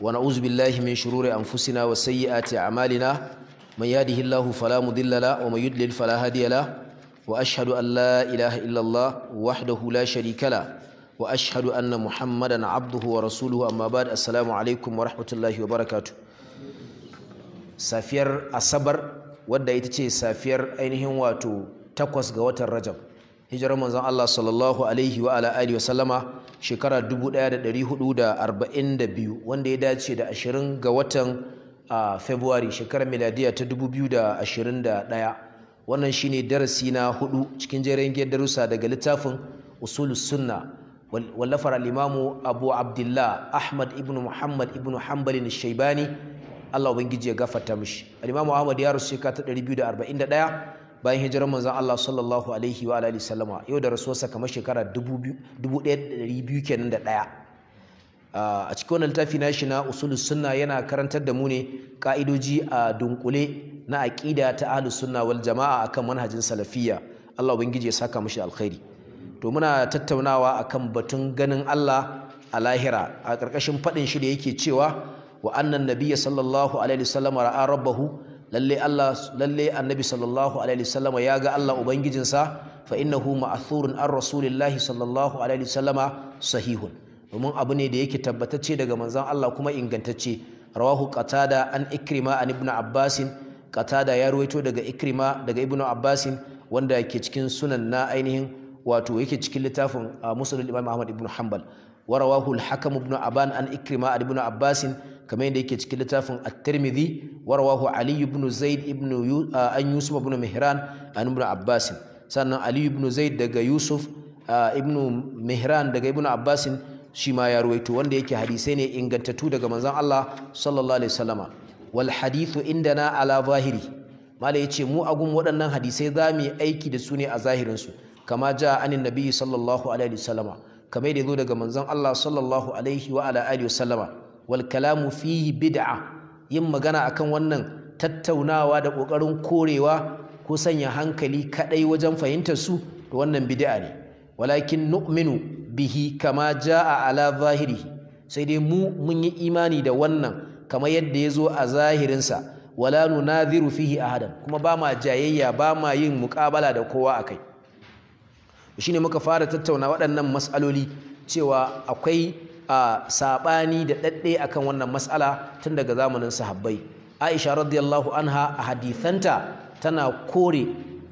ونعوذ بالله من شرور أنفسنا وسيئات أعمالنا من يهده الله فلا مضل له ومن يضلل فلا هادي له وأشهد أن لا إله إلا الله وحده لا شريك له وأشهد أن محمدا عبده ورسوله أما بعد السلام عليكم ورحمة الله وبركاته سافير الصبر wadda ita ce safiyar ainihin wato takwas ga watan Rajab hijirar manzon Allah sallallahu alaihi wa ala alihi wa sallama shekara 1442 wanda ya dace da 20 ga watan a February shekarar miladiya ta 2021 wannan shine darasi na hudu cikin jerin darussa daga littafin usulus sunna wallafar al Abu Abdullah Ahmad ibn Muhammad ibn Hanbal al-Shaybani Allah ubangiji ya gafarta mishi al-imamu Ahmad ya rusu shekara ta 241 bayan hijirar manzon Allah sallallahu alaihi wa alihi sallama yau da rasuwarsa kamar shekara 2200 kenan da daya a cikin wannan littafi na shi na usulus sunna yana karantar da mu ne ka'idoji a dunkule na aqida ta ahlus sunna wal jama'a akan manhajin salafiya. Allah ubangiji ya saka mishi alkhairi to muna tattaunawa akan batun ganin Allah a lahira a ƙarƙashin faɗin shi da yake cewa wa'annan annan nabiyya sallallahu alaihi wasallam ra'a Rabahu. lalle Allah lalle annabi sallallahu alaihi wasallama ya ga Allah ubangijinsa fa innahu ma'thurun ar rasulillahi sallallahu alaihi wasallama sahihun domin abu ne da yake tabbatacce daga manzon Allah kuma ingantacce rawahu qatada an ikrima an ibnu abbasin qatada ya ruwaito daga ikrima daga ibnu abbasin wanda yake cikin sunan na ainihin wato yake cikin littafin ah, musnad imam ahmad ibnu hanbal ورواه الحكم بن أبان أن إكرم عن ابن عباس كما يندك كتاب الترمذي ورواه علي بن زيد بن يو... آه أن يوسف بن مهران أن ابن عباس سنة علي بن زيد دقى يوسف آه ابن مهران دقى ابن عباس شما يرويت وانديك حديثين إن قتتو دقى منزان الله صلى الله عليه وسلم والحديث عندنا على ظاهري ما ليتي مو أقوم ودنا حديثي دامي أيكي دسوني أظاهرنسو كما جاء عن النبي صلى الله عليه وسلم kamar da zo daga manzon Allah sallallahu alaihi wa ala alihi wasallama wal kalamu fihi bid'a yin magana akan wannan tattaunawa da kokarin korewa ko sanya hankali kadai wajen fahimtar su da wannan bid'a ne walakin nu'minu bihi kama jaa ala zahirihi sai dai mu mun yi imani da wannan kamar yadda ya zo a zahirinsa wala nunadhiru fihi ahadan kuma ba ma jayayya ba ma yin muƙabala da kowa akai shine muka fara tattauna waɗannan matsaloli cewa akwai saɓani da ɗaɗɗe kan wannan matsala tun daga zamanin sahabbai aisha radiyallahu anha a hadithanta tana kore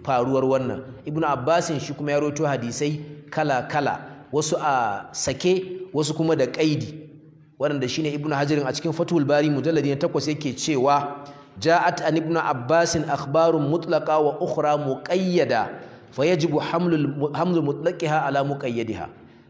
faruwar wannan Ibn abbasin shi kuma ya roto hadisai kala kala wasu a sake wasu kuma da ƙaidi waɗanda ne Ibn hajarin a cikin fatul bari mujalladi na takwas yake cewa ja'at an Ibn abbasin akhbarun mutlaka wa ukhra muqayyada fa yajibu hamlul hamlu mutlaqiha ala muqayyadiha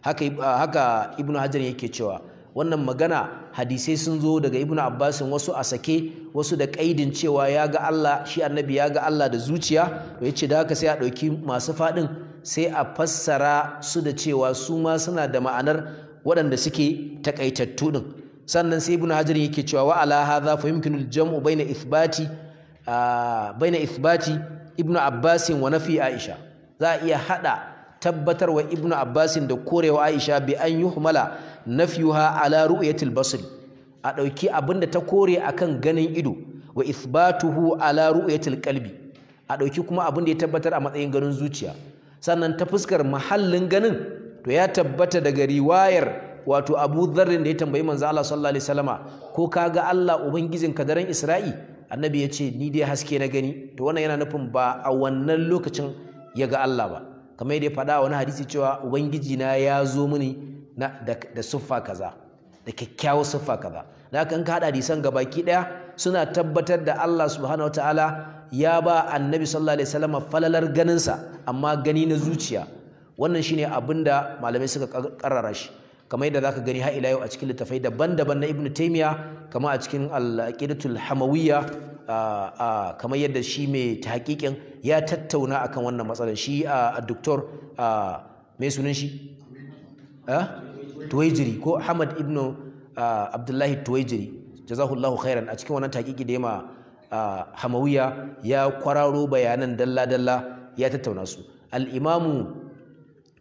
haka haka ibnu hajar yake cewa wannan magana hadisai sun zo daga ibnu abbasin wasu a sake wasu da kaidin cewa ya ga Allah shi annabi ya ga Allah da zuciya to yace da haka sai a dauki masu fadin sai a fassara su da cewa su ma suna da ma'anar waɗanda suke takaitattu din sannan sai ibnu hajar yake cewa wa ala hadha fa yumkinu al-jam'u baina ithbati ah, baina ithbati ibnu abbasin wa nafi aisha za a iya hada wa ibnu abbasin da korewa aisha bi an yuhmala nafyuha ala ru'yatil basri a dauki abinda ta kore akan ganin ido wa isbatuhu ala ru'yatil a ɗauki kuma abinda ya tabbatar a matsayin ganin zuciya sannan ta fuskar mahallin ganin to ya tabbata daga riwayar wato Abu zarrin da ya tambayi manzo Allah sallallahu alaihi wasallama ko kaga Allah ubangijin ka daren Isra'i annabi ya ce ni dai haske na gani to wannan yana nufin ba a wannan lokacin ya ga Allah ba kamar yadda ya faɗa wani hadisi cewa ubangiji na ya zo mini da siffa kaza da kyakkyawar siffa kaza na kan ka hada hadisan ki daya suna tabbatar da Allah subhanahu wataala ya ba annabi sallallahu alaihi wasallam falalar ganinsa amma gani na zuciya wannan shine abinda malamai suka karrara shi kamar yadda zaka gani ha ila yau a cikin littafai daban-daban na Ibn Taymiyyah kamar a cikin al-Aqidatul Hamawiyya kamar yadda shi mai tahakikin ya tattauna akan wannan matsalar shi a doktor mai sunan shi tuwaijiri ko hamad ibnu abdullahi tuwaijiri jazahullahu khairan a cikin wannan tahakiki da ya ma hamawiya ya kwararo bayanan dalla-dalla ya tattauna su al'imamu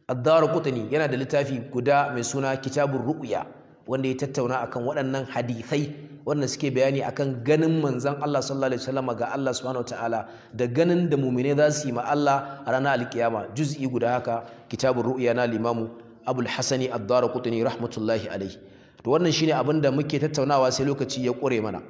Adawar kutani yana da littafi guda mai suna kitabun ru'uya wanda ya tattauna akan waɗannan hadithai wanda suke bayani akan ganin manzan Allah sallallahu alaihi wasallam ga Allah subhanahu wataala da ganin da mumine za su yi ma Allah a ranar alkiyama juz'i guda haka kitabun ru'ya na limamu abul hasani ad-darqutni rahmatullahi alaihi to wannan shine abin da muke tattaunawa sai lokaci ya kure mana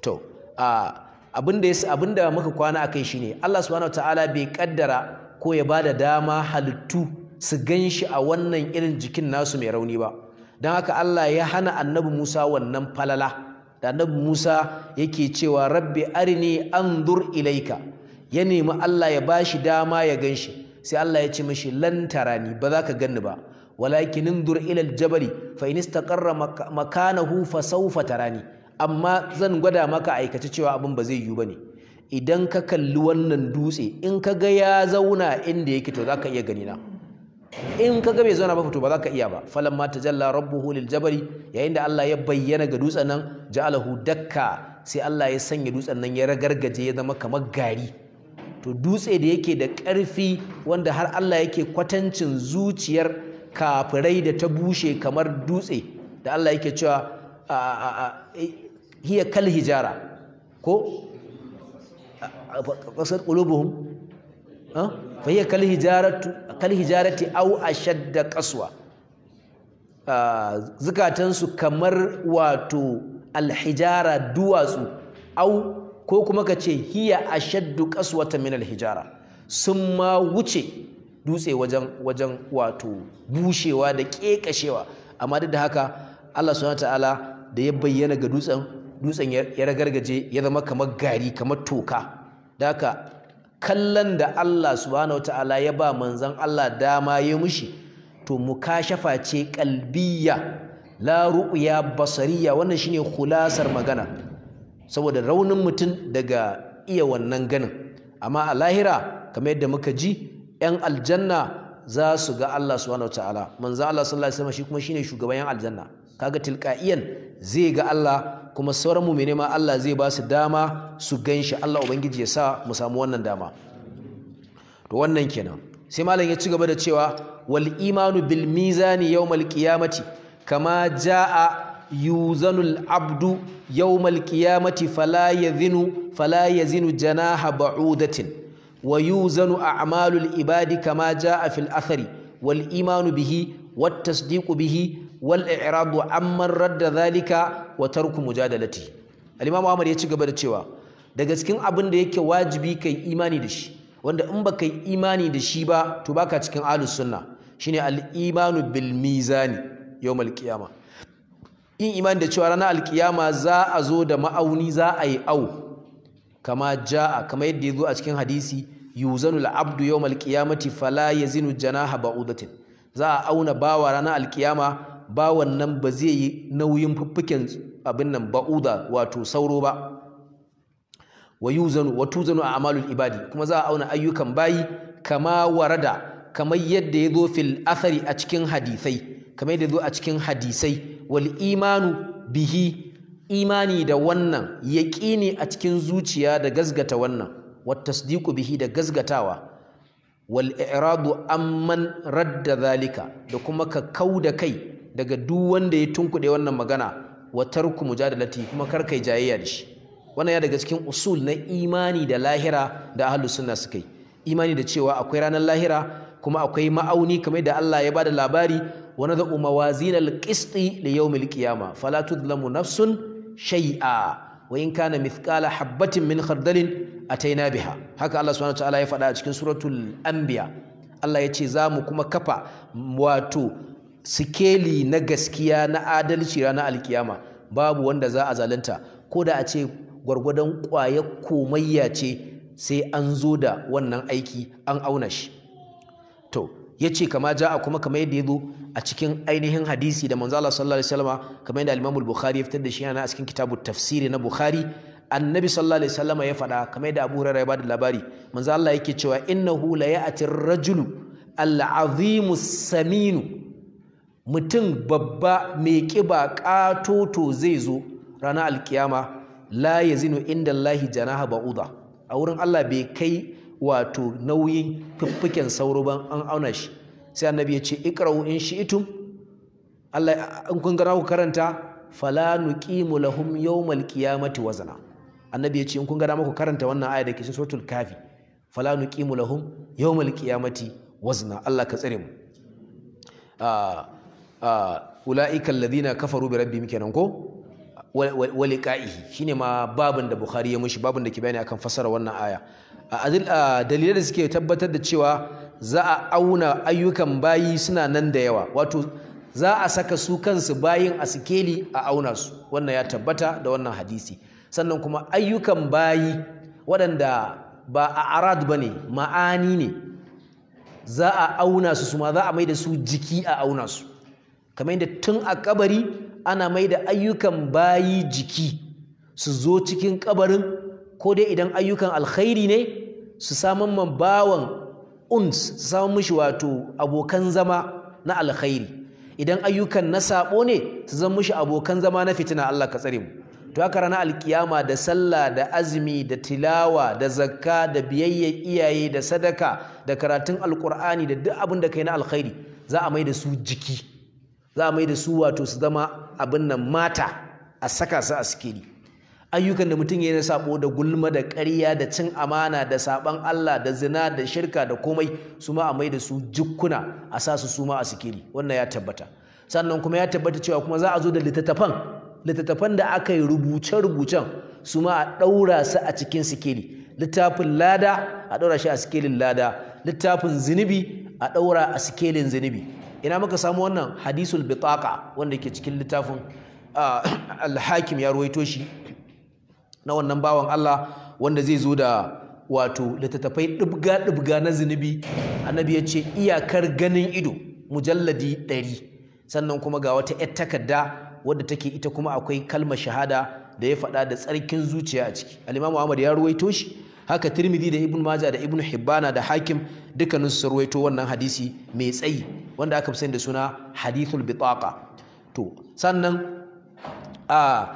to a abin da abin da muka kwana akai shine Allah subhanahu wataala bai kaddara ko ya bada dama halittu su ganshi a wannan irin jikin nasu mai rauni ba don haka Allah ya hana annabi Musa wannan falala da annabi Musa yake cewa rabbi arini anzur ilaika ya nemi Allah ya bashi dama ya ganshi sai Allah ya ce mishi lan tarani ba za ka ganni ba walakin anzur ila aljabali fa in istaqarra makanahu fa sawfa tarani amma zan gwada maka aikace cewa abin ba zai yiwu bane idan ka kalli wannan dutse in ka ga ya zauna inda yake to za ka iya gani na in ka ga bai zauna ba fito ba za ka iya ba falamma tajalla rabbuhu lil jabari yayin da Allah ya bayyana ga dutsen nan ja'alahu dakka sai Allah ya sanya dutsen nan ya ragargaje ya zama kamar gari to dutse da yake da ƙarfi wanda har Allah yake kwatancin zuciyar kafirai da ta bushe kamar dutse da Allah yake cewa hiya kal hijara ko ƙasar qulubuhum fa hiya kal hijaratu kal hijarati aw ashadda qaswa ah, zukatansu kamar wato alhijara duwatsu au ko kuma ka ce hiya ashaddu qaswata min alhijara sun ma wuce dutse wajen wajen wato bushewa da kekashewa amma duk da haka Allah subhanahu ta'ala da ya bayyana ga dutsen dutsen ya ragargaje ya zama kamar gari kamar toka daka kallon da Allah subhanahu ta'ala ya ba manzon Allah dama ya mushi to mukashafa ce kalbiya la ru'ya basariya wannan shine khulasar magana saboda raunin mutum daga iya wannan ganin amma a lahira kamar yadda muka ji 'yan aljanna za su ga Allah subhanahu ta'ala manzon Allah sallallahu alaihi wasallam shi kuma shine shugaban 'yan aljanna kaga tilqa'iyan zai ga Allah kuma sauran mu ma Allah zai ba su dama su shi Allah ubangiji ya sa mu samu wannan dama to wannan kenan sai malam ya ci gaba da cewa wal imanu bil mizani yawmal qiyamati kama jaa yuzanul abdu yawmal qiyamati fala yazinu fala yazinu janaha ba'udatin wa yuzanu a'malul ibadi kama jaa fil athari wal imanu bihi wat tasdiqu bihi wal i'radu amman radda zalika wa tarku mujadalati al-imam ya ci gaba da cewa daga cikin abin da yake wajibi kai imani da shi wanda in baka yi imani da shi ba to baka cikin ahlus sunna shine al-imanu bil mizani yawmal qiyama in imani da cewa ranar alkiyama za a zo da ma'auni za a yi au kama ja'a kama yadda ya zo a cikin hadisi yuzanul abdu yawmal qiyamati fala yazinu janaha ba'udatin za a auna bawa ranar alkiyama bawan nan ba zai yi nauyin fuffuken abin nan ba'uda wato sauro ba wa yuzanu wa tuzanu a amalul ibadi kuma za a auna ayyukan bayi kama warada kamar yadda ya zo fil athari a cikin hadisai kamar yadda ya zo a cikin hadisai wal imanu bihi imani da wannan yaqini a cikin zuciya da gazgata wannan wat tasdiqu bihi da gazgatawa wal i'radu amman radda zalika da kuma ka kau da kai daga duk wanda ya tunkuɗe wannan magana wa tarku mujadalati kuma kar kai jayayya da shi wannan ya daga cikin usul na imani da lahira da ahli sunna suka yi imani da cewa akwai ranar lahira kuma akwai ma'auni kamar da Allah ya bada labari wa da umawazin al-qist li yawm al-qiyama fala tudlamu nafsun shay'a wa in kana mithqala habatin min khardalin ataina biha haka Allah subhanahu wataala ya faɗa a cikin suratul anbiya Allah ya ce za mu kuma kafa wato sikeli na gaskiya na adalci ranar alkiyama babu wanda za a zalunta ko da a ce gwargwadon ƙwayar komayya ce sai an zo da wannan aiki an auna shi to ya ce kama a kuma kama yadda ya zo a cikin ainihin hadisi da manzala sallallahu alaihi wasallama kamar yadda al bukhari ya fitar da shi yana a cikin kitabu tafsiri na Bukhari annabi sallallahu alaihi wasallam ya faɗa kamar da Abu Hurairah ya bada labari manzo Allah yake cewa innahu la ya'ti ar-rajulu al-azimu saminu mutum babba mai kiba katoto zai zo ranar alkiyama la yazinu inda Allah janaha ba'uda a wurin Allah bai kai wato nauyin fiffiken sauro ban an auna shi sai annabi ya ce ikra'u in shi'tum Allah in kun ga ku karanta fala nuqimu lahum yawmal qiyamati wazna annabi ya ce in kun ga dama karanta wannan aya da ke cikin suratul kafi fala nuqimu lahum yawmal qiyamati wazna Allah ka tsare mu ah, ah, ulaika alladhina kafaru bi rabbihim kenan ko wa liqa'ihi shine ma babin da bukhari ya mushi babin da ke bayani akan fasara wannan aya dalilai da suke tabbatar da cewa za a auna ayyukan bayi suna nan da yawa wato za a saka su kansu bayin a sikeli a auna su wannan ya tabbata da wannan hadisi sannan kuma ayyukan bayi waɗanda ba a arad ba ne ma'ani ne za a auna su suma za a mai da su jiki a auna su kamar yadda tun a kabari ana mai da ayyukan bayi jiki su zo cikin kabarin ko dai idan ayyukan alkhairi ne su samun man bawan uns su samun mishi wato abokan zama na alkhairi idan ayyukan na sabo ne su zan mishi abokan zama na fitina Allah ka tsare mu to haka ranar alkiyama da sallah da azumi da tilawa da zakka da biyayyar iyaye da sadaka da karatun alkur'ani da duk abin da kai na alkhairi za a mai da su jiki za a mai da su wato su zama abin nan mata a saka su a sikiri ayyukan da mutum ya na sabo da gulma da ƙarya da cin amana da saban Allah da zina da shirka da komai su ma a mai da su jikkuna a sa su su ma a sikiri wannan ya tabbata sannan kuma ya tabbata cewa kuma za a zo da littattafan littattafan da aka yi rubuce-rubucen su ma a ɗaura su a cikin sikeli littafin lada a ɗaura shi a sikelin lada littafin zunubi a ɗaura a sikelin zunubi ina muka samu wannan hadisul bitaka wanda ke cikin littafin alhakim ya ruwaito shi na wannan bawan Allah wanda zai zo da wato littattafai ɗibga-ɗibga na zunubi annabi ya ce iyakar ganin ido mujalladi ɗari sannan kuma ga wata 'yar takarda wadda take ita kuma akwai kalmar shahada da ya faɗa da tsarkin zuciya a ciki al'imamu amur ya ruwaito shi haka Tirmidhi da Ibn Maja da Ibn Hibbana da Hakim dukkanin su ruwaito wannan hadisi mai tsayi wanda aka fi sani da suna hadithul bitaqa to sannan a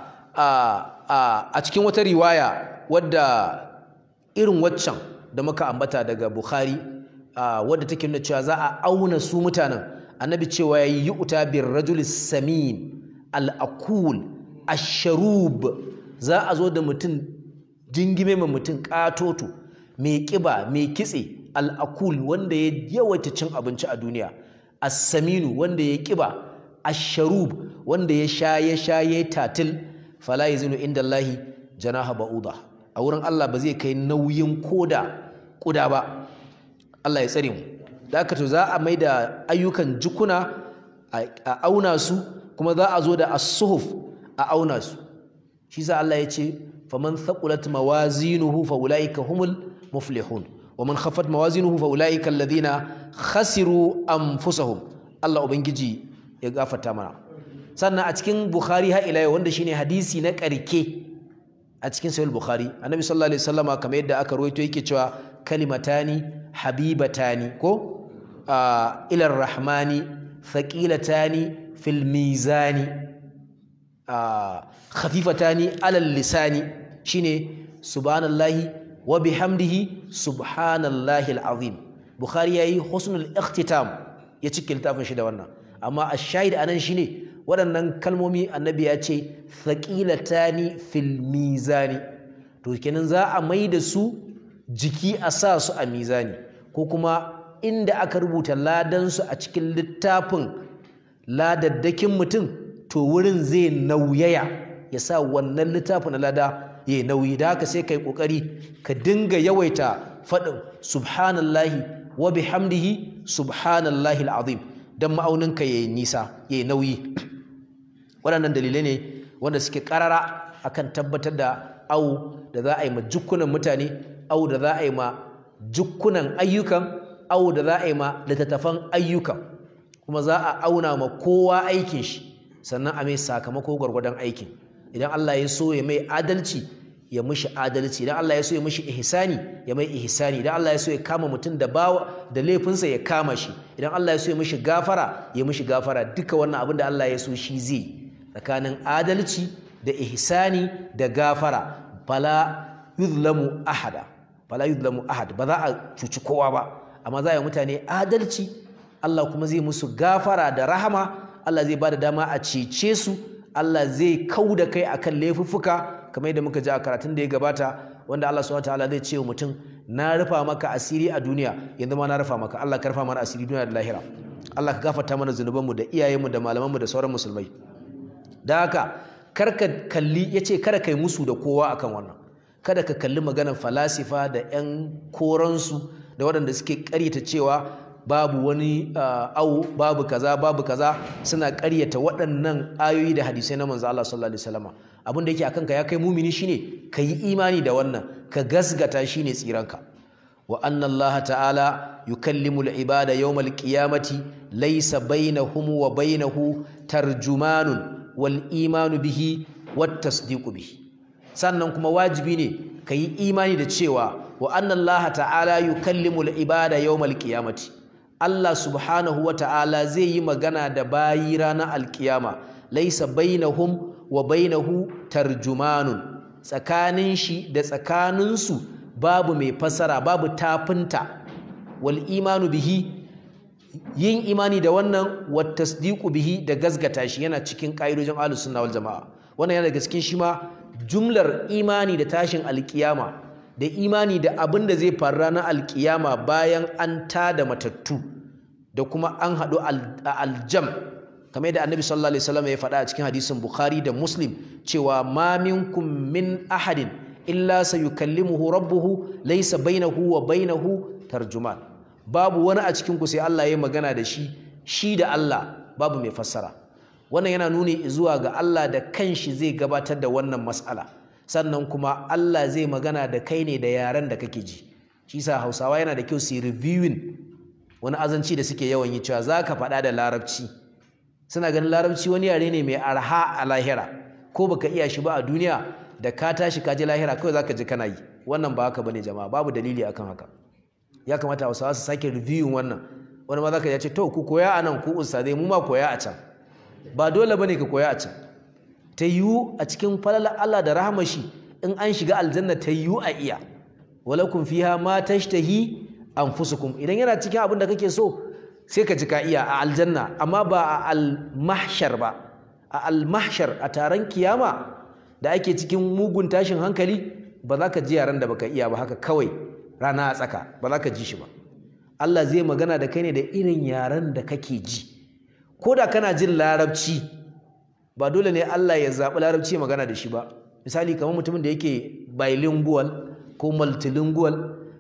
cikin wata riwaya wadda irin waccan da muka ambata daga Bukhari wadda take nuna cewa za a auna su mutanen annabi cewa yayi yu'ta bir rajulis samin al'akul asharub za a zo da mutum jingime ma mutum katoto. mai kiba, mai kitse al'akul wanda ya yawaita cin abinci a duniya Saminu wanda ya ƙiba asharub wanda ya sha ya sha ya tatil fala yazinu inda Allahi janaha ba'uda a wurin Allah ba zai kai nauyin koda kuda ba Allah ya tsare mu da za a maida ayyukan jikuna a auna su kuma za a zo da as-suhuf a auna su shi sa Allah ya ce faman thaqulat mawazinuhu fa ulaika humul muflihun waman khaffat mawazinuhu fa ulaika alladhina khasiru anfusahum Allah ubangiji ya gafarta mana sannan a cikin Bukhari ha ila wanda shine hadisi na karke a cikin sahih Bukhari annabi sallallahu alaihi wasallama kamar yadda aka ruwaito yake cewa kalimatani habibatani ko ah, ila rahmani thaqilatani Filmizani mizani khafifatani alal lisani shine subhanallahi wa bihamdihi subhanallahi alazim bukhari yayi husnul ikhtitam ya cike littafin shi da wannan amma ash-shahid anan shine waɗannan kalmomi annabi ya ce thaqilatani fil mizani to kenan za a mai da su jiki a sa su a mizani ko kuma inda aka rubuta ladansu a cikin littafin ladaddakin mutum to wurin zai nauyaya ya sa wannan littafin na lada ya nauyi da haka sai yi kokari ka dinga yawaita faɗin subhanallahi wa bihamdihi subhanallahi alazim dan ma'aunin ka yayi nisa yayi nauyi waɗannan dalilai ne wanda suke karara akan tabbatar da au da za a yi ma jukkunan mutane au da za a yi ma jukkunan ayyukan au da za a yi ma littattafan ayyukan kuma za a auna ma kowa aikin shi sannan a mai sakamako gwargwadon aikin idan Allah ya so ya mai adalci ya mishi adalci idan Allah ya so ya mishi ihsani ya mai ihsani idan Allah ya so ya kama mutum da bawa da laifinsa ya kama shi idan Allah ya so ya mishi gafara ya mishi gafara duka wannan abin da Allah ya so shi zai tsakanin adalci da ihsani da gafara fala yuzlamu ahada fala yuzlamu ahad ba za a cuci kowa ba amma za a yi mutane adalci Allah kuma zai musu gafara da rahama Allah zai ba da dama a cece su Allah zai kau da kai a kan laifuffuka kamar yadda muka ji a karatun da ya gabata wanda Allah subhanahu wataala zai ce wa mutum na rufa maka asiri a duniya yanzu ma na rufa maka Allah ka rufa mana asiri duniya da lahira Allah ka gafarta mana zunubanmu da iyayenmu da malamanmu da sauran musulmai da haka ka kalli yace kada kai musu da kowa akan wannan kada ka kalli maganar falasifa da 'yan koransu da waɗanda suke ƙaryata cewa babu wani uh, awo babu kaza babu kaza suna karyata waɗannan ayoyi da hadisai na manzo Allah sallallahu alaihi wasallam abin da yake akan ka ya kai mumini shine ka yi imani da wannan ka gasgata shine tsiranka wa anna Allah ta'ala yukallimu al-ibada yawm al-qiyamati laysa bainahum wa bainahu tarjumanun wal imanu bihi wat tasdiqu bihi sannan kuma wajibi ne ka yi imani da cewa wa anna Allah ta'ala yukallimu al-ibada yawm al-qiyamati Allah subhanahu wa ta'ala zai yi magana da bayi ranar alkiyama laisa bainahum wa bainahu tarjumanun tsakanin shi da tsakaninsu babu mai fasara babu tafinta wal imanu bihi yin imani da wannan wa tasdiqu bihi da gazgata shi yana cikin ƙa'idojin ahlus sunna wal jama'a wannan yana daga cikin shi ma jumlar imani da tashin alkiyama da imani da abin da zai faru ranar alkiyama bayan an tada matattu da kuma an haɗu a aljam kamar yadda annabi sallallahu alaihi wasallam ya faɗa a cikin hadisin bukhari da muslim cewa ma minkum min ahadin illa sayukallimuhu rabbuhu laysa bainahu wa bainahu tarjuman babu wani a cikin ku sai Allah ya magana da shi shi da Allah babu mai fassara wannan yana nuni zuwa ga Allah da kanshi zai gabatar da wannan mas'ala sannan kuma Allah zai magana da kai ne da yaren da kake ji shi sa Hausawa yana da kyau su reviewing wani azanci da suke yawan yi cewa zaka faɗa da larabci suna ganin larabci wani yare ne mai arha a lahira ko baka iya shi ba a duniya da ka tashi ka je lahira kawai zaka ji kana yi wannan ba haka bane jama'a babu dalili akan haka ya kamata Hausawa su sake reviewing wannan wani ma zaka ya ce to ku koya anan nan ku ustaze mu ma koya a can ba dole bane ka koya a can ta yiwu a cikin falala Allah da rahmashi in an shiga aljanna ta yiwu a iya walakun fiha ma tashtahi anfusukum idan yana cikin abin da kake so sai ka ji ka iya a aljanna amma ba a almahshar ba a almashar a taron kiyama da ake cikin mugun tashin hankali ba za ka ji yaran da baka iya ba haka kawai rana a tsaka ba za ka ji shi ba Allah zai magana da kai ne da irin yaren da kake ji ko da kana jin larabci ba dole ne Allah ya zaɓi larabci magana da shi ba misali kamar mutumin da yake bilingual ko multilingual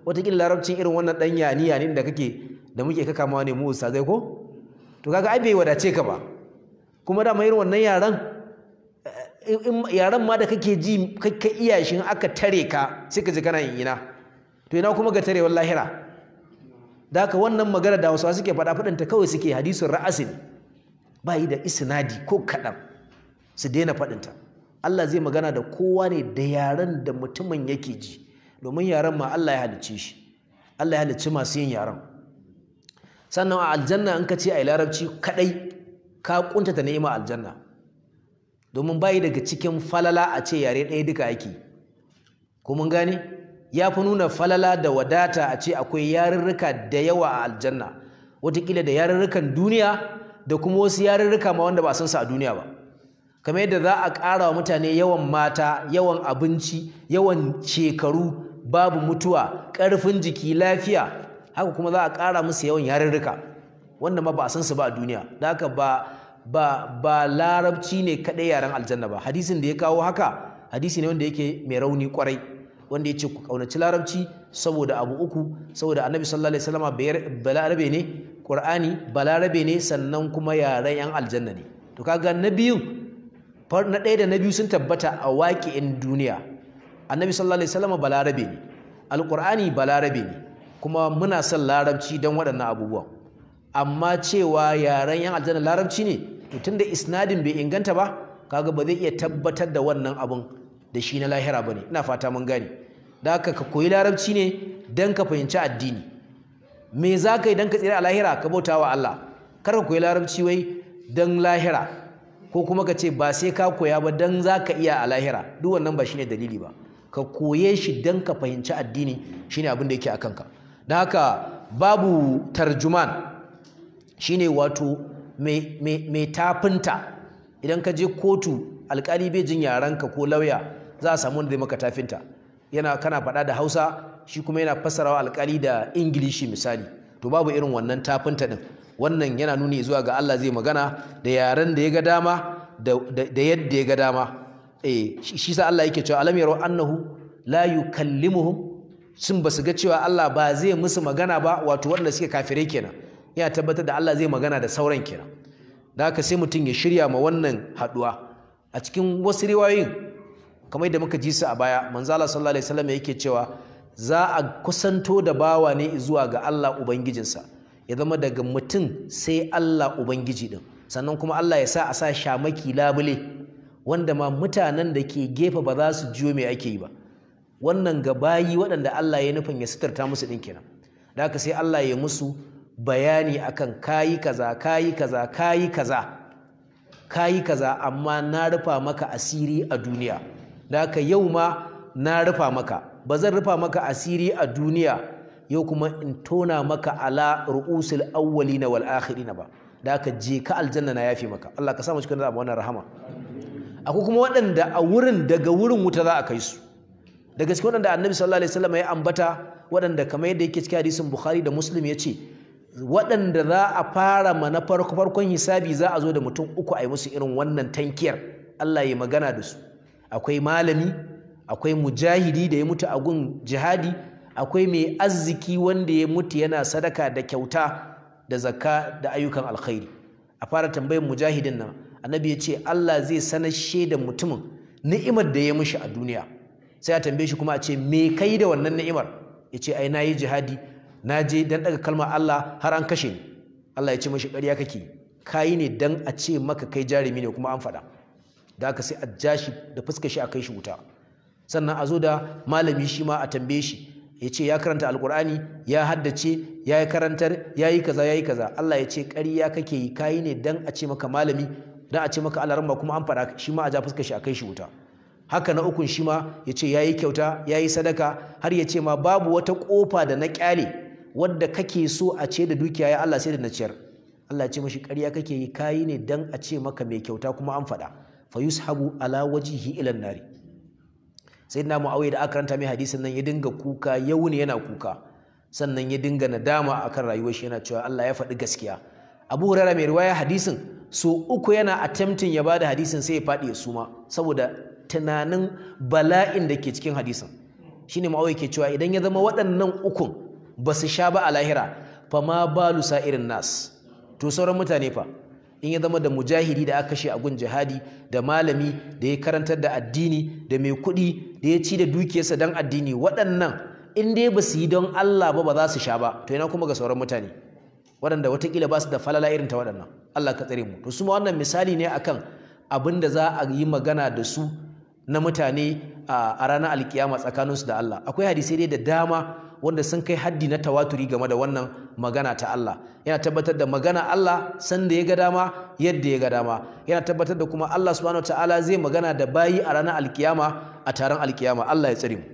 watakila larabcin irin wannan ɗan yani yanin da kake da muke kama ne mu zai ko to kaga ai bai wadace ka ba kuma dama irin wannan yaran eh, yaran ma da kake ji kake iya shi aka tare ka sai ka ji kana yin ina to ina kuma ga tarewar lahira da haka wannan magana da wasu suke faɗa faɗin ta kawai suke hadisin ra'asin ba yi da isnadi ko kaɗan su daina faɗinta Allah zai magana da kowa ne da yaren da mutumin yake ji domin yaren ma Allah ya halicce shi Allah ya halicci masu yin yaren sannan a aljanna in ka ce a larabci kadai ka kuntata ni'ima aljanna domin bayi daga cikin falala a ce yare ɗaya duka yake ko mun gane ya fi nuna falala da wadata a ce akwai yarurruka da yawa a aljanna watakila da yarurrukan duniya da kuma wasu yarurruka ma wanda ba san su a duniya ba kamar yadda za a ƙara wa mutane yawan mata yawan abinci yawan shekaru babu mutuwa ƙarfin jiki lafiya haka kuma za a ƙara musu yawan yarurruka wanda ma ba a san su ba a duniya da haka ba ba larabci ne kaɗai yaren aljanna ba hadisin da ya kawo haka hadisi ne wanda yake mai rauni kwarai wanda ya ce ku ƙaunaci larabci saboda abu uku saboda annabi sallallahu alaihi wasallam balarabe ne qur'ani balarabe ne sannan kuma yaren yan aljanna ne to kaga na biyun na ɗaya da na biyu sun tabbata a waƙi'in duniya annabi sallallahu alaihi wasallam balarabe ne alqur'ani balarabe ne kuma muna son larabci don waɗannan abubuwan amma cewa yaren yan aljanna larabci ne to tunda isnadin bai inganta ba kaga ba zai iya tabbatar da wannan abun da shi na lahira bane ina fata mun gane da haka ka koyi larabci ne don ka fahimci addini me za ka yi dan ka tsira a lahira ka bauta wa Allah kar ka koyi larabci wai dan lahira ko kuma ka ce ba sai ka koya ba dan ka iya a lahira duk wannan ba shine dalili ba ka koye shi dan ka fahimci addini shine abin da yake a kanka don haka babu tarjuman shine wato mai tafinta idan ka je kotu alkali bai jin yaranka ko lauya za a samu wanda maka tafinta yana kana faɗa da hausa shi kuma yana fassarawa alkali da ingilishi misali to babu irin wannan tafinta din wannan yana nuni zuwa ga Allah zai magana da yaren da ya ga dama da yadda ya ga dama eh shi sa Allah yake cewa alam yaraw annahu la yukallimuhum sun basu ga cewa Allah ba zai musu magana ba wato wanda suke kafire kenan ya tabbatar da Allah zai magana da sauran kenan da haka sai mutum ya shirya ma wannan haduwa a cikin wasu riwayoyin kamar da muka ji su a baya manzala sallallahu alaihi wasallam yake cewa za a kusanto da bawa ne zuwa ga Allah ubangijinsa ya zama daga mutum sai Allah ubangiji ɗin sannan kuma Allah ya sa a sa shamaki labule wanda ma mutanen da ke gefe ba za su jiyo mai ake yi ba wannan ga bayi waɗanda Allah ya nufin ya suturta musu ɗin kenan da haka sai Allah ya musu bayani akan kayi kaza kayi kaza kayi kaza kayi kaza amma na rufa maka asiri a duniya da haka yau ma na rufa maka ba zan rufa maka asiri a duniya yau kuma in tona maka ala ru'usul na wal akhirina ba da ka je ka aljanna na yafi maka Allah ka sa mu cikin da wannan rahama akwai kuma waɗanda a wurin daga wurin wuta za a kai su daga cikin waɗanda annabi sallallahu alaihi wasallam ya ambata waɗanda kamar yadda yake cikin hadisin bukhari da muslim ya ce waɗanda za a fara mana farko farkon hisabi za a zo da mutum uku a yi musu irin wannan tankiyar Allah ya magana da su akwai malami akwai mujahidi da ya mutu a gun jihadi akwai mai arziki wanda ya mutu yana sadaka da kyauta da zakka da ayyukan alkhairi a fara tambayar mujahidin nan annabi ya ce Allah zai sanar da mutumin ni'imar da ya mishi a duniya sai a tambaye shi kuma a ce me kai da wannan ni'imar ya ce ai nayi jihadi na je dan daga kalmar Allah har an kashe ni Allah ya ce mishi ƙarya kake kayi ne dan a ce maka kai jarumi ne kuma an faɗa da haka sai a ja da fuskar shi a kai shi wuta sannan a zo da malami shi ma a tambaye shi ya ce ya karanta alkur'ani ya haddace ya yi karantar ya yi kaza ya yi kaza Allah ya ce ƙarya kake yi kayi ne dan a ce maka malami dan a ce maka alarma kuma an faɗa shi ma a ja fuskar shi a kai shi wuta haka na ukun shi ma ya ce ya yi kyauta ya yi sadaka har ya ce ma babu wata ƙofa da na ƙyale wadda kake so a ce da dukiya ya Allah sai da na ciyar Allah ya ce mashi ƙarya kake yi kayi ne dan a ce maka mai kyauta kuma an faɗa fa yushabu ala wajihi ilan nari sayyidina muawiya da aka ranta mai hadisin nan ya dinga kuka yau ne yana kuka sannan ya dinga nadama akan rayuwar shi yana cewa Allah ya faɗi gaskiya Abu Hurairah mai riwaya hadisin so uku yana attempting ya bada hadisin sai ya faɗi ya suma saboda tunanin bala'in da ke cikin hadisin shine muawiya ke cewa idan ya zama waɗannan ukun ba su sha ba a lahira fa ma balu sa'irin nas to sauran mutane fa in ya zama da mujahidi da aka kashe a gun jihadi da malami da ya karantar da addini da mai kuɗi da ya ci da dukiyarsa don addini waɗannan in dai ba su yi don Allah ba ba za su sha ba to ina kuma ga sauran mutane waɗanda watakila ba su da falala irin ta waɗannan Allah ka tsare mu to su ma wannan misali ne akan abin da za a yi magana da su na mutane a ranar alkiyama tsakaninsu da Allah akwai hadisai dai da dama wanda sun kai haddi na tawaturi game da wannan magana ta Allah yana tabbatar da magana Allah sanda ya ga dama yadda ya ga dama yana tabbatar da kuma Allah subhanahu wataala zai magana da bayi a ranar alkiyama a taron alkiyama Allah ya tsare mu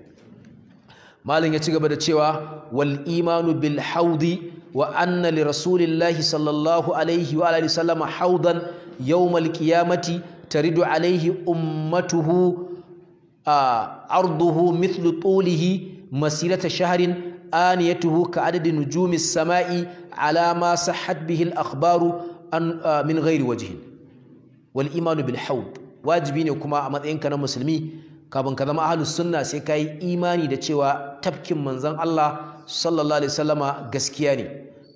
malam ya ci gaba da cewa wal imanu bil haudi wa anna li rasulillahi sallallahu alaihi wa alihi sallama haudan yawmal qiyamati taridu alaihi ummatuhu arduhu mithlu tulihi masirata shaharin aniyatuhu ka adadin nujumis sama'i ala ma sahhat bihi al-akhbaru ah, min ghairi wajhin wal imanu bil wajibi ne kuma a matsayinka na musulmi kafin ka zama ahlus sunna sai yi imani da cewa tafkin manzon Allah sallallahu alaihi wasallama gaskiya ne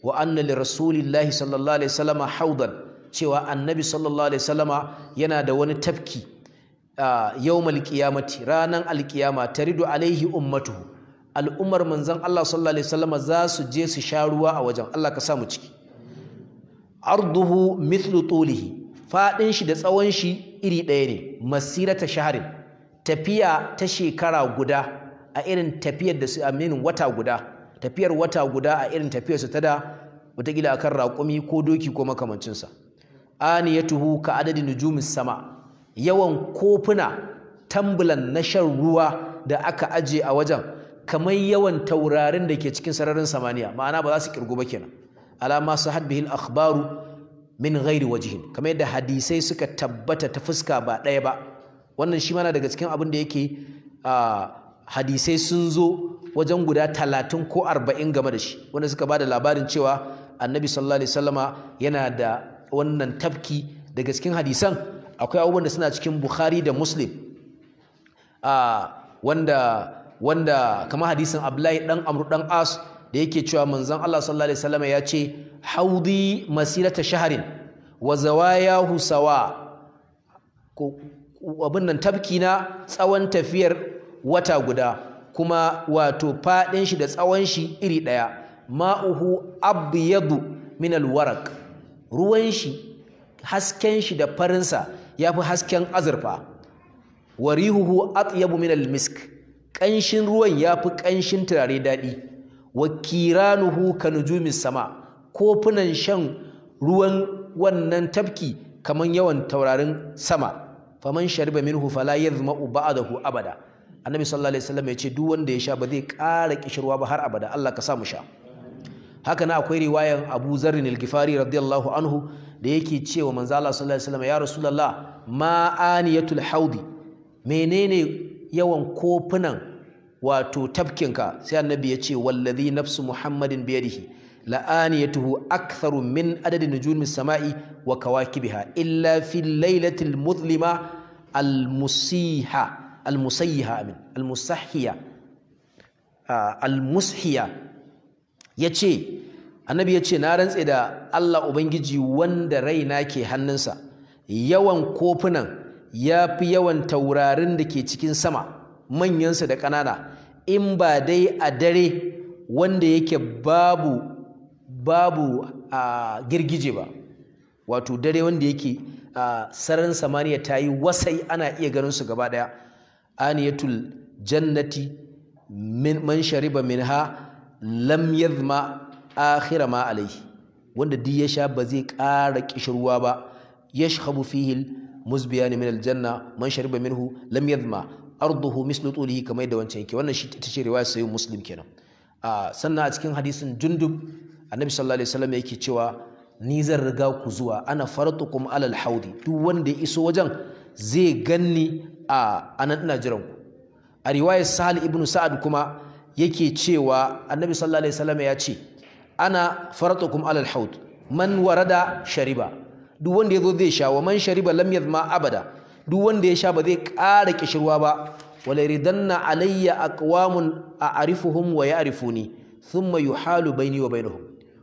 wa annali li rasulillahi sallallahu alaihi wasallama hawdan cewa annabi sallallahu alaihi wasallama yana da wani tafki ah, yawmal qiyamati ranan tare da alaihi ummatuhu al'ummar manzon Allah sallallahu alaihi wasallam za su je su sha ruwa a wajen Allah ka sa mu ciki arduhu mithlu tulihi fadin shi da tsawon shi iri ɗaya ne masirata shaharin tafiya ta shekara guda a irin tafiyar da su aminin wata guda tafiyar wata guda a irin tafiyar su ta da wataƙila akan raƙumi ko doki ko makamancinsa aniyatuhu ka adadin nujumis sama yawan kofuna tambulan na shan ruwa da aka aje a wajen kamar yawan taurarin da ke cikin sararin samaniya ma'ana ba za su kirgu ba kenan alama su hadbihin akhbaru min ghairi wajihin kamar yadda hadisai suka tabbata ta fuska ba ɗaya ba wannan shi mana daga cikin abin da yake hadisai sun zo wajen guda talatin ko arba'in game da shi wanda suka ba da labarin cewa annabi sallallahu alaihi wasallama yana da wannan tafki daga cikin hadisan akwai abubuwan da suna cikin bukhari da muslim wanda wanda kama hadisin Abdullahi dan Amru, dan As da yake cewa manzon Allah sallallahu alaihi wasallam ya ce haudi masirata shaharin wa zawayahu sawa abin nan tafki na tsawon tafiyar wata guda kuma wato fadin shi da tsawon shi iri daya ma'uhu abyadu min alwaraq ruwan shi hasken shi da farinsa yafi hasken azurfa warihuhu atyabu min almisk ƙanshin ruwan ya fi ƙanshin turare daɗi wa kiranuhu ka sama kofunan shan ruwan wannan tafki kamar yawan taurarin sama faman shariba minhu fala yazma'u ba'dahu abada annabi sallallahu alaihi wasallam ya ce duk wanda ya sha ba zai ƙara kishirwa ba har abada Allah ka sa mu sha haka na akwai riwayan Abu Zarr al-Ghifari radiyallahu anhu da yake cewa manzo Allah sallallahu alaihi wasallam ya rasulullah ma aniyatul haudi menene yawan kofunan wato tafkinka sai annabi ya ce wallazi nafsu muhammadin biyadihi la'aniyatuhu aktharu min adadin nujumis sama'i wa kawakibiha illa fi lailatil muzlima almusiha almusayyiha amin almusahhiya ah, yace annabi yace na rantse da Allah ubangiji wanda raina ke hannunsa yawan kofunan ya fi yawan taurarin da ke cikin sama manyansa da ƙanana in ba dai a dare wanda yake babu babu a girgije ba wato dare wanda yake a sararin samaniya ta yi wasai ana iya ganin su gaba ɗaya aniyatul jannati man shariba minha lam a akhira ma alaihi wanda duk ya sha ba zai ƙara kishirwa ba yashhabu fihil ne min aljanna man shariba minhu lam yadhma arduhu mislu tulihi kamar da wancan yake wannan shi ta ce riwaya sayyid muslim kenan a sannan a cikin hadisin jundub annabi sallallahu alaihi wasallam yake cewa ni zan riga ku zuwa ana faratukum alal haudi duk wanda ya iso wajen zai ganni a anan ina jiran ku a riwayar sahal ibn sa'ad kuma yake cewa annabi sallallahu alaihi wasallam ya ce ana faratukum alal haud man warada shariba duk wanda ya zo zai sha wa man shariba lam yazma abada duk wanda ya sha ba zai kara kishirwa ba wala ridanna alayya aqwamun a'rifuhum wa ya'rifuni thumma yuhalu bayni wa bainahum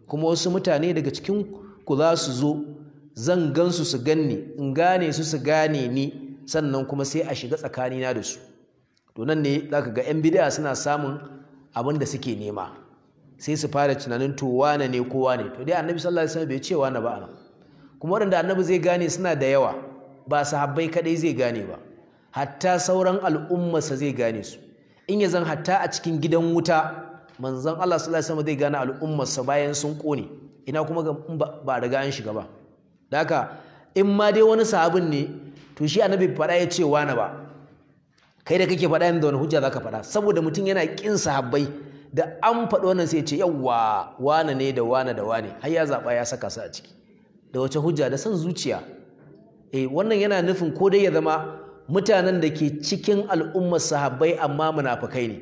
kuma wasu mutane daga cikin ku za su zo zan gansu su ganni in gane su su gane ni sannan kuma sai a shiga tsakanina da su to nan ne zaka ga yan bid'a suna samun abin da suke nema sai su fara tunanin to wane ne ko wane to dai annabi sallallahu alaihi wasallam bai ce wane ba anan kuma waɗanda annabi zai gane suna da yawa ba sahabbai kaɗai zai gane ba hatta sauran al'ummarsa zai gane su in ya zan hatta a cikin gidan wuta manzon Allah sallallahu alaihi wasallam zai gane al'ummarsa bayan sun kone ina kuma ba riga an shiga ba haka in ma dai wani sahabin ne to shi annabi faɗa ya ce wani ba kai da kake faɗa yanzu wani hujja zaka faɗa saboda mutum yana ƙin sahabbai da an faɗi wannan sai ya ce yawwa wane ne da wane da wane har ya zaba ya saka su a ciki da wace hujja da son zuciya eh wannan yana nufin ko dai ya zama mutanen da ke cikin al'ummar sahabbai amma munafukai ne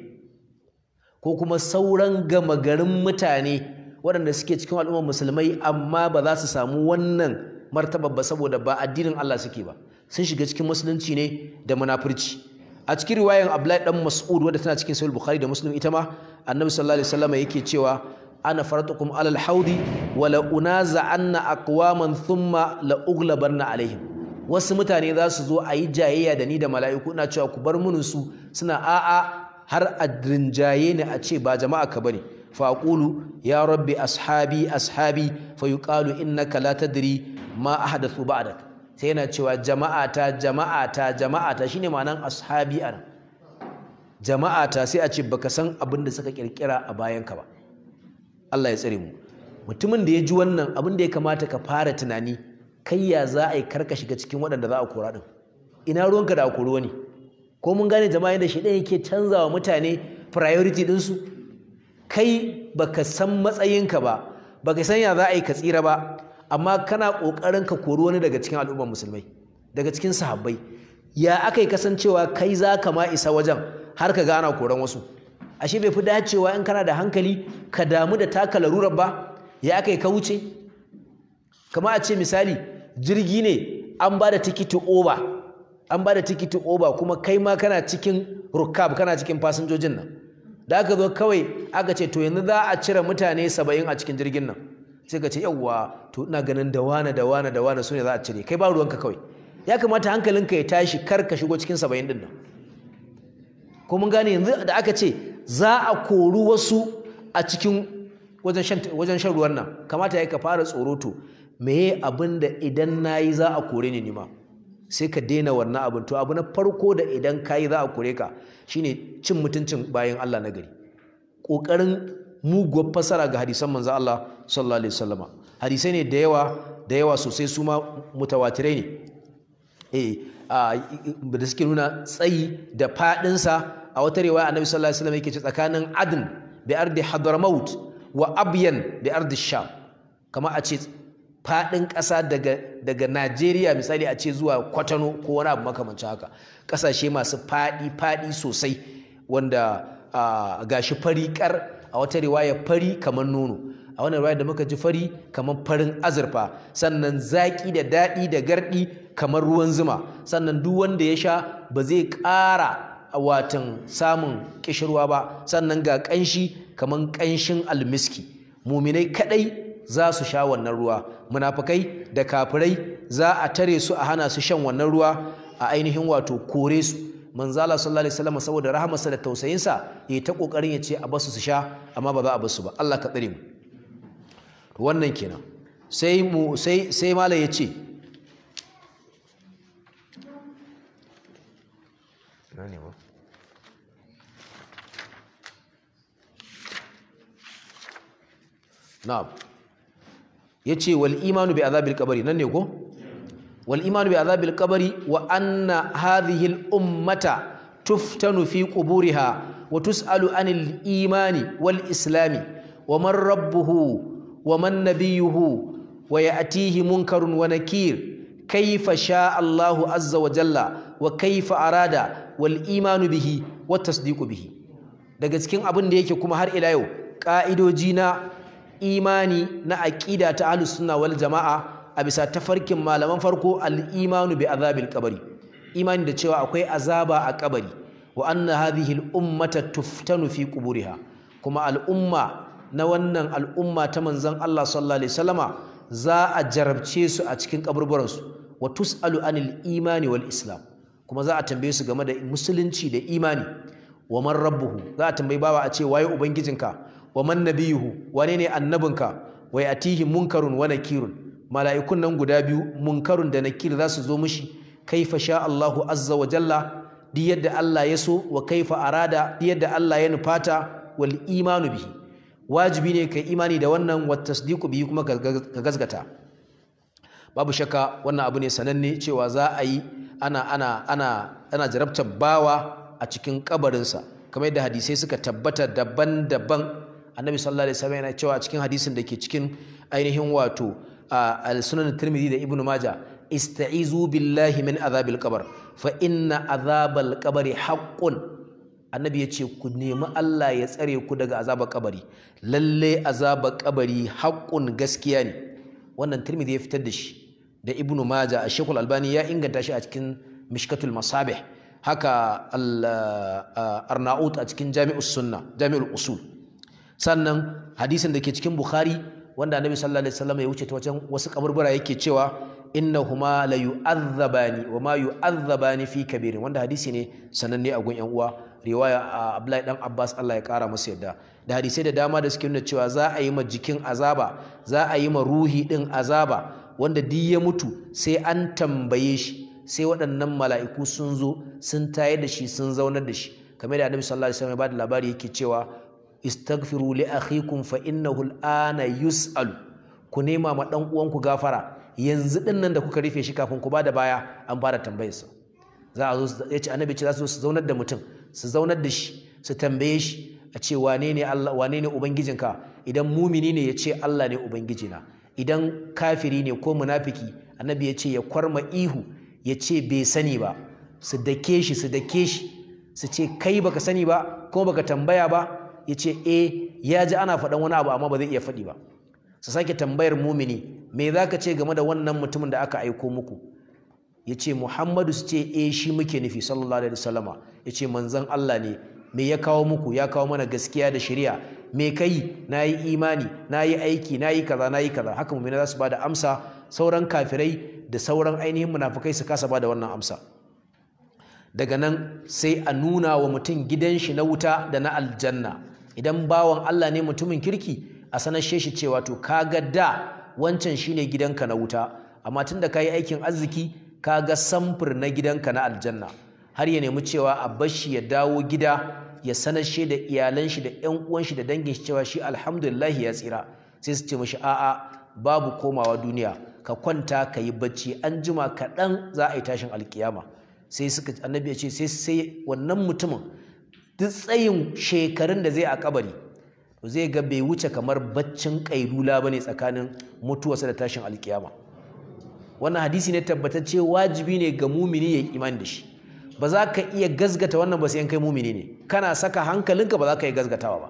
ko kuma sauran gama garin mutane waɗanda suke cikin al'ummar musulmai amma ba za su samu wannan martaba ba saboda ba addinin Allah suke ba sun shiga cikin musulunci ne da munafurci a cikin riwayan Abdullahi dan Mas'ud wadda tana cikin Sahih Bukhari da Muslim ita ma Annabi sallallahu alaihi wasallam yake cewa ana faratukum alal haudi wa la unaza anna aqwaman thumma la alaihim wasu mutane za su zo a yi jayayya da ni da mala'iku ina cewa ku bar munin su suna a'a har a rinjaye ne a ce ba jama'a ka bane fa aqulu ya rabbi ashabi ashabi fa in na la tadri ma ahdathu ba'dak sai yana cewa jama'a jama'a ta, ta, jama'a ta shine ma'anan ashabi ana ta sai a ce baka san abin da suka kirkira a bayanka ba Allah ya tsare mu mutumin da ya ji wannan abin da ya kamata ka fara tunani kai ya za a yi karka shiga cikin waɗanda za a kora din ina ruwanka da a kori wani ko mun gane jama'a yadda shi yake canzawa mutane priority su kai baka san matsayinka ba baka san ya za a yi ka tsira ba amma kana ƙoƙarin ka kori wani daga cikin al'ummar musulmai daga cikin sahabbai ya aka yi kasancewa kai za ka ma isa wajen har ka gana koran wasu ashe bai fi dacewa in kana da hankali ka damu da taka larurar ba ya yi ka wuce kama a ce misali jirgi ne an ba da tikiti oba an ba da tikiti oba kuma kai ma kana cikin rukab kana cikin fasinjojin nan da aka zo kawai aka ce to yanzu za a cire mutane saba'in a cikin jirgin nan sai ka ce yawwa to ina ganin da wane da su ne za a cire kai ba ruwanka kawai ya kamata hankalinka ya tashi kar ka shigo cikin saba'in din nan ko mun gane yanzu da aka ce za a kori wasu a cikin wajen shan ruwan nan kamata ya ka fara tsoro to meye abin da idan na yi za a kore ni nima sai ka daina wannan abin to abu na farko da idan ka yi za a kore ka shine cin mutuncin bayan Allah na gari ƙoƙarin muguwar fasara ga hadisan manzo Allah sallallahu alaihi wasallama hadisai ne da yawa da yawa sosai su ma mutawatirai ne eh da suke nuna tsayi da faɗinsa a wata riwaya annabi sallallahu alaihi wasallam yake ce tsakanin adn bi ardi hadramaut wa abyan bi ardi sham kama a ce fadin kasa daga daga Najeriya misali a ce zuwa Kwatano ko wani abu makamancin haka Kasashe masu fadi fadi sosai wanda gashi fari kar a wata riwaya fari kamar nono a wannan riwaya da muka ji fari kamar farin azurfa sannan zaƙi da daɗi da garɗi kamar ruwan zuma sannan duk wanda ya sha ba zai kara. watan samun kishirwa ba sannan ga kanshi kamar kanshin almiski muminai kadai za su sha wannan ruwa munafikai da kafirai za a tare su a hana su shan wannan ruwa a ainihin wato kore su manzala sallallahu alaihi wasallam saboda rahamarsa da tausayinsa ya ta kokarin ya ce a basu su sha amma ba za a basu ba Allah ka tsare mu wannan kenan sai mu sai sai malai ya ce na'am yace wal imanu bi azabil qabri nan ne ko wal imanu bi azabil qabri wa anna hadhihi al ummata tuftanu fi quburiha wa tusalu anil imani wal islami wa man rabbuhu wa man nabiyuhu wa ya'tihi munkarun wa nakir kaifa sha Allahu azza wa jalla wa kaifa arada wal imanu bihi wa tasdiqu bihi daga cikin abin da yake kuma har ila yau ka'idoji na imani na aƙida ta ahlus sunna wal jama'a a bisa tafarkin malaman farko al-imanu bi azabil qabri imani da cewa akwai azaba a kabari wa anna hadhihi al-ummata tuftanu fi quburiha kuma al'umma na wannan al'umma ta manzon Allah sallallahu alaihi wasallama za a jarabce su a cikin kaburburansu wa tusalu anil imani wal islam kuma za a tambaye su game da musulunci da imani wa man rabbuhu za a tambayi bawa a ce waye ubangijinka wa man nabiyuhu wane ne annabinka wa yatihi munkarun wa nakirun mala'ikun nan guda biyu munkarun da nakir za su zo mishi kaifa sha Allahu azza wa jalla di yadda Allah ya so wa kaifa arada di yadda Allah ya nufata wal imanu bihi wajibi ne kai imani da wannan wa tasdiqu bihi kuma ka gazgata babu shakka wannan abu ne sananne cewa za a yi ana ana ana ana jarabtar bawa a cikin kabarinsa kamar yadda hadisai suka tabbata daban-daban annabi sallallahu alaihi wasallam yana cewa cikin hadisin da ke cikin ainihin wato al-sunan tirmidhi da ibnu majah ista'izu billahi min azabil qabr fa inna azabal qabri haqqun annabi yace ku nemi Allah ya tsare ku daga azabar kabari lalle azabar kabari haqqun gaskiya ne wannan tirmidhi ya fitar da shi da ibnu majah ash-shaykh al-albani ya inganta shi a cikin mishkatul masabih haka al-arnaut a cikin jami'us sunna jami'ul usul sannan hadisin da ke cikin bukhari wanda annabi sallallahu alaihi wasallam ya wuce ta wajen wasu kaburbura yake cewa innahuma la yu'azzabani wa ma yu'azzabani fi kabir wanda hadisi ne sananne a gun yan uwa riwaya Abdullahi dan Abbas Allah ya kara masa yadda da hadisai da dama da suke nuna cewa za a yi ma jikin azaba za a yi ma ruhi din azaba wanda duk ya mutu sai an tambaye shi sai waɗannan mala'iku sun zo sun tayar da shi sun zaunar da shi kamar da Annabi sallallahu alaihi wasallam ya bada labari yake cewa istaghfiru li akhikum fa innahu al'ana yus'alu ku nema ma dan uwanku gafara yanzu din nan da kuka rufe shi kafin ku bada baya an fara tambayar sa za a zo yace annabi ce za su zaunar da mutum su zaunar da shi su tambaye shi a ce wane ne Allah wane ne ubangijinka idan mumini ne ya ce Allah ne ubangijina idan kafiri ne ko munafiki annabi ya ce ya kwarma ihu ya ce bai sani ba su dake shi su dake shi su ce kai baka sani ba kuma baka tambaya ba ya ce e ya ji ana faɗan wani abu amma ba zai iya faɗi ba su sake tambayar mumini me za ka ce game da wannan mutumin da aka aiko muku ya ce muhammadu su ce e shi muke nufi sallallahu alaihi wasallama ya ce manzan allah ne me ya kawo muku ya kawo mana gaskiya da shari'a me kai na yi imani na yi aiki na yi kaza na yi kaza haka mumina za su ba da amsa sauran kafirai da sauran ainihin munafukai su kasa ba da wannan amsa daga nan sai a nuna wa mutum gidan shi na wuta da na aljanna idan bawan Allah ne mutumin kirki a sanashe shi cewa to ga da wancan shine gidanka na wuta amma tunda ka yi aikin arziki Ka ga samfur na gidanka na aljanna har ya nemi cewa a bashi ya dawo gida ya sanashe da iyalan shi da ƴan uwan shi da dangin shi cewa shi alhamdulillah ya tsira sai su ce mishi a'a babu komawa duniya ka kwanta ka yi bacci an jima kaɗan za a yi tashin alkiyama sai suka annabi ya ce sai sai wannan mutumin duk tsayin shekarun da zai a kabari zai ga bai wuce kamar baccin ba bane tsakanin mutuwarsa da tashin alkiyama wannan hadisi ne tabbatacce wajibi ne ga mumini ya imani da shi ba za ka iya gazgata wannan ba sai kai mumini ne kana saka hankalinka ba za ka iya gazgatawa ba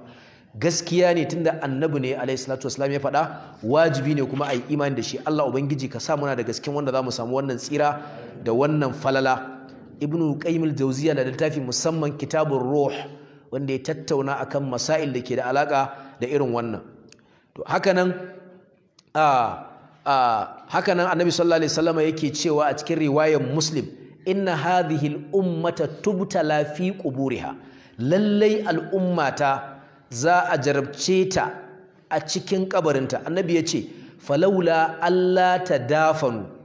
gaskiya ne tunda annabi ne alayhi salatu wasalam ya faɗa wajibi ne kuma a yi imani da shi Allah ubangiji ka sa muna da gaskin wanda za mu samu wannan tsira da wannan falala ibnu qayyim al-jawziya da littafi musamman kitabur ruh wanda ya tattauna akan masail da ke da alaƙa da irin wannan to hakanan a hakanan annabi sallallahu alaihi wasallam yake cewa a cikin riwayar muslim inna hadhihi al-ummata tubtala fi quburiha lallai al'ummata za a jarabce ta a cikin kabarinta annabi yace ce falaula Allah ta dafanu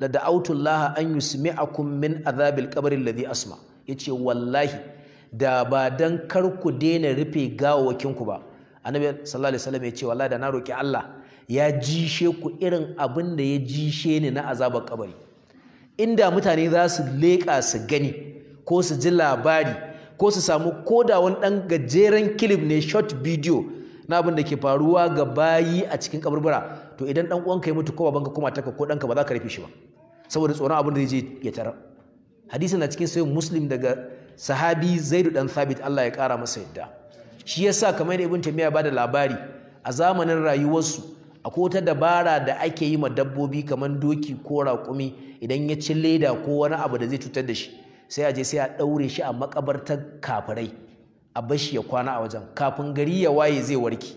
da da'autullaha an yusmi'akum min azabil kabarin alladhi asma Ya ce wallahi da ba dan kar ku daina rufe gawawakin ku ba annabi sallallahu alaihi wasallam ce wallahi da na roƙi Allah ya jishe ku irin abin da ya jishe ni na azabar kabari inda mutane za su leƙa su gani ko su ji labari ko su samu kodawan wani ɗan gajeren kilif ne short video na abin da ke faruwa ga bayi a cikin kaburbura to idan ɗan uwanka ya mutu kowa babanka kuma ka ko ɗanka ba za ka rufe shi ba saboda tsoron abin da ya je ya tarar hadisi na cikin sayin muslim daga sahabi zaidu dan thabit Allah ya kara masa yadda shi yasa kamar da ibn tamiya ba da labari a zamanin rayuwarsu akwai wata dabara da ake yi ma dabbobi kamar doki ko raƙumi idan ya ci leda ko wani abu da zai cutar da shi sai a je sai a ɗaure shi a makabartar kafirai a bashi ya kwana a wajen kafin gari ya waye zai warke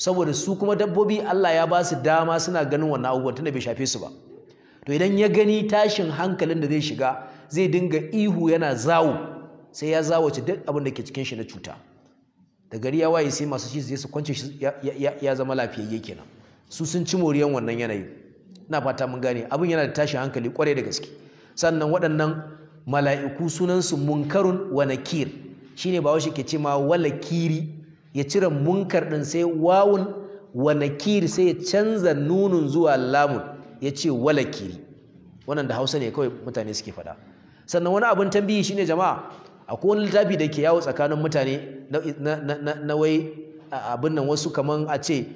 saboda su kuma dabbobi Allah ya ba su dama suna ganin wannan abubuwan tunda bai shafe su ba to idan ya gani tashin hankalin da zai shiga zai dinga ihu yana zawo sai ya zawace duk abin da ke cikin shi na cuta da gari ya waye sai masu shi zai su kwance shi ya zama lafiyayye kenan su sun ci moriyan wannan yanayi ina fata mun gane abin yana da tashin hankali kwarai da gaske sannan waɗannan mala'iku sunansu munkarun wa nakir shine ba shi ke ce ma wala kiri ya cire munkar din sai wawun wa nakir sai ya canza nunun zuwa lamun ya ce walakiri wannan da hausa ne kawai mutane suke faɗa sannan wani abin tambayi shine jama'a akwai wani littafi da ke yawo tsakanin mutane na wai abin nan wasu kaman a ce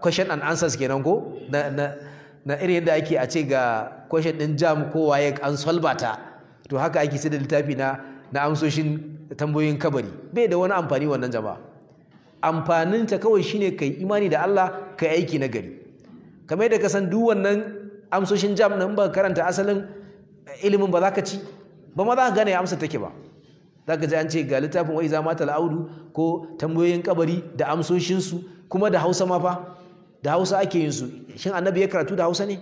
question and answers kenan ko na irin yadda ake a ce ga question din jam ko waye an solve to haka ake sai da littafi na na amsoshin tambayoyin kabari bai da wani amfani wannan jama'a amfaninta kawai shine kai imani da Allah kai aiki na gari kamar da ka san duk wannan amsoshin jam nan ba karanta asalin ilimin ba za ka ci ba ma za ka gane amsa take ba za ka ji an ce ga littafin wai zama tal'audu ko tambayoyin kabari da amsoshinsu kuma da hausa ma fa da hausa ake yin su shin annabi ya karatu da hausa ne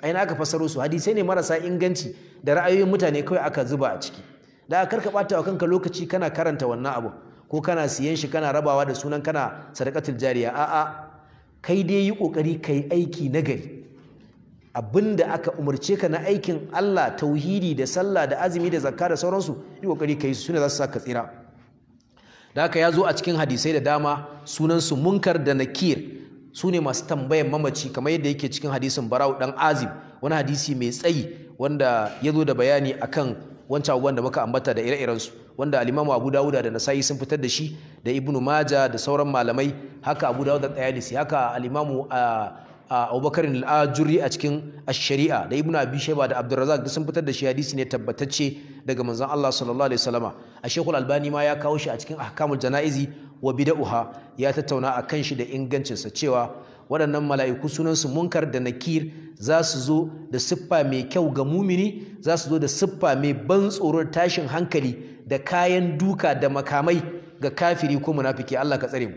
a yana aka fassaro su hadisai ne marasa inganci da ra'ayoyin mutane kawai aka zuba a ciki da aka karka bata wa kanka lokaci kana karanta wannan abu ko kana siyan shi kana rabawa da sunan kana sadakatul jariya a'a kai dai yi ƙoƙari ka yi aiki nagari abin da aka umarce ka na aikin Allah tauhidi da sallah da azumi da zakka da sauransu yi ƙoƙari ka yi su ne za su sa ka tsira da aka ya zo a cikin hadisai da dama sunansu munkar da nakir su ne masu tambayan mamaci kamar yadda yake cikin hadisin barau dan azim wani hadisi mai tsayi wanda ya zo da bayani akan wancan abubuwan da muka ambata da ire iren su. wanda alimamu abu dawuda da nasayi sun fitar da shi da ibnu maja da sauran malamai haka abu dawuda tsayalisi haka alimamu abubakar al'ajuri a cikin shari'a da ibnu abi shaiba da abdurrazak da sun fitar da shi hadisi ne tabbatacce daga manzon allah sallallahu alaihi wasallama a shekul albani ma ya kawo shi a cikin ahkamul jana'izi wa bida'uha ya tattauna a kan shi da ingancinsa cewa waɗannan mala'iku sunansu munkar da nakir za su zo da siffa mai kyau ga mumini za su zo da siffa mai ban tsoron tashin hankali da kayan duka da makamai ga kafiri ko munafiki Allah ka tsare mu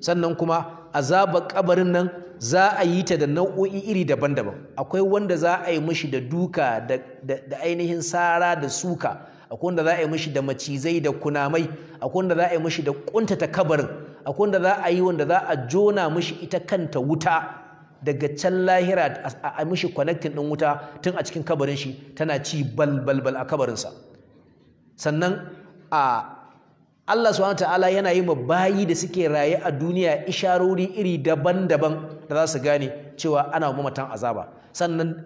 sannan kuma azabar kabarin nan za a yi ta da nau'o'i iri daban-daban akwai wanda za a yi mashi da duka da ainihin sara da suka akwai wanda za a yi mashi da macizai da kunamai akwai wanda za a yi mashi da kuntata kabarin akwai wanda za a yi wanda za a jona mishi ita kanta wuta daga can lahira a mishi connecting din wuta tun a cikin kabarin shi tana ci bal bal bal a kabarinsa sannan a Allah subhanahu ta'ala yana yi ma bayi da suke raye a duniya isharori iri daban-daban da za su gane cewa ana mamatan azaba sannan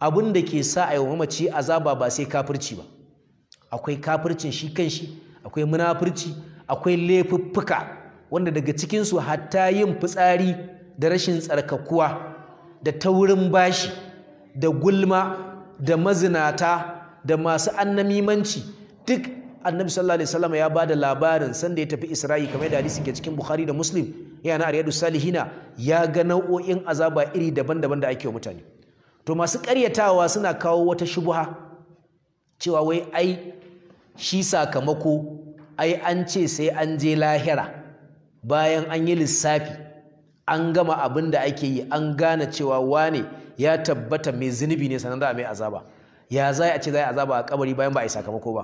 abin da ke sa a yi wa mamaci azaba ba sai kafirci ba akwai kafircin shi kan akwai munafurci akwai laifuffuka wanda daga cikinsu hatta yin fitsari da rashin tsarkakuwa da taurin bashi da gulma da mazinata da masu annamimanci duk annabi sallallahu alaihi wasallam ya bada labarin sanda ya tafi isra'i kamar da hadisi ke cikin bukhari da muslim yana ariyadu salihina ya ga nau'o'in azaba iri daban-daban da ake wa mutane to masu karyatawa suna kawo wata shubuha cewa wai ai shi sakamako ai an ce sai an je lahira bayan an yi lissafi an gama abin da ake yi an gane cewa wane ya tabbata mai zunubi ne sannan za a mai azaba ya za a ce za a azaba a kabari bayan ba a yi sakamako ba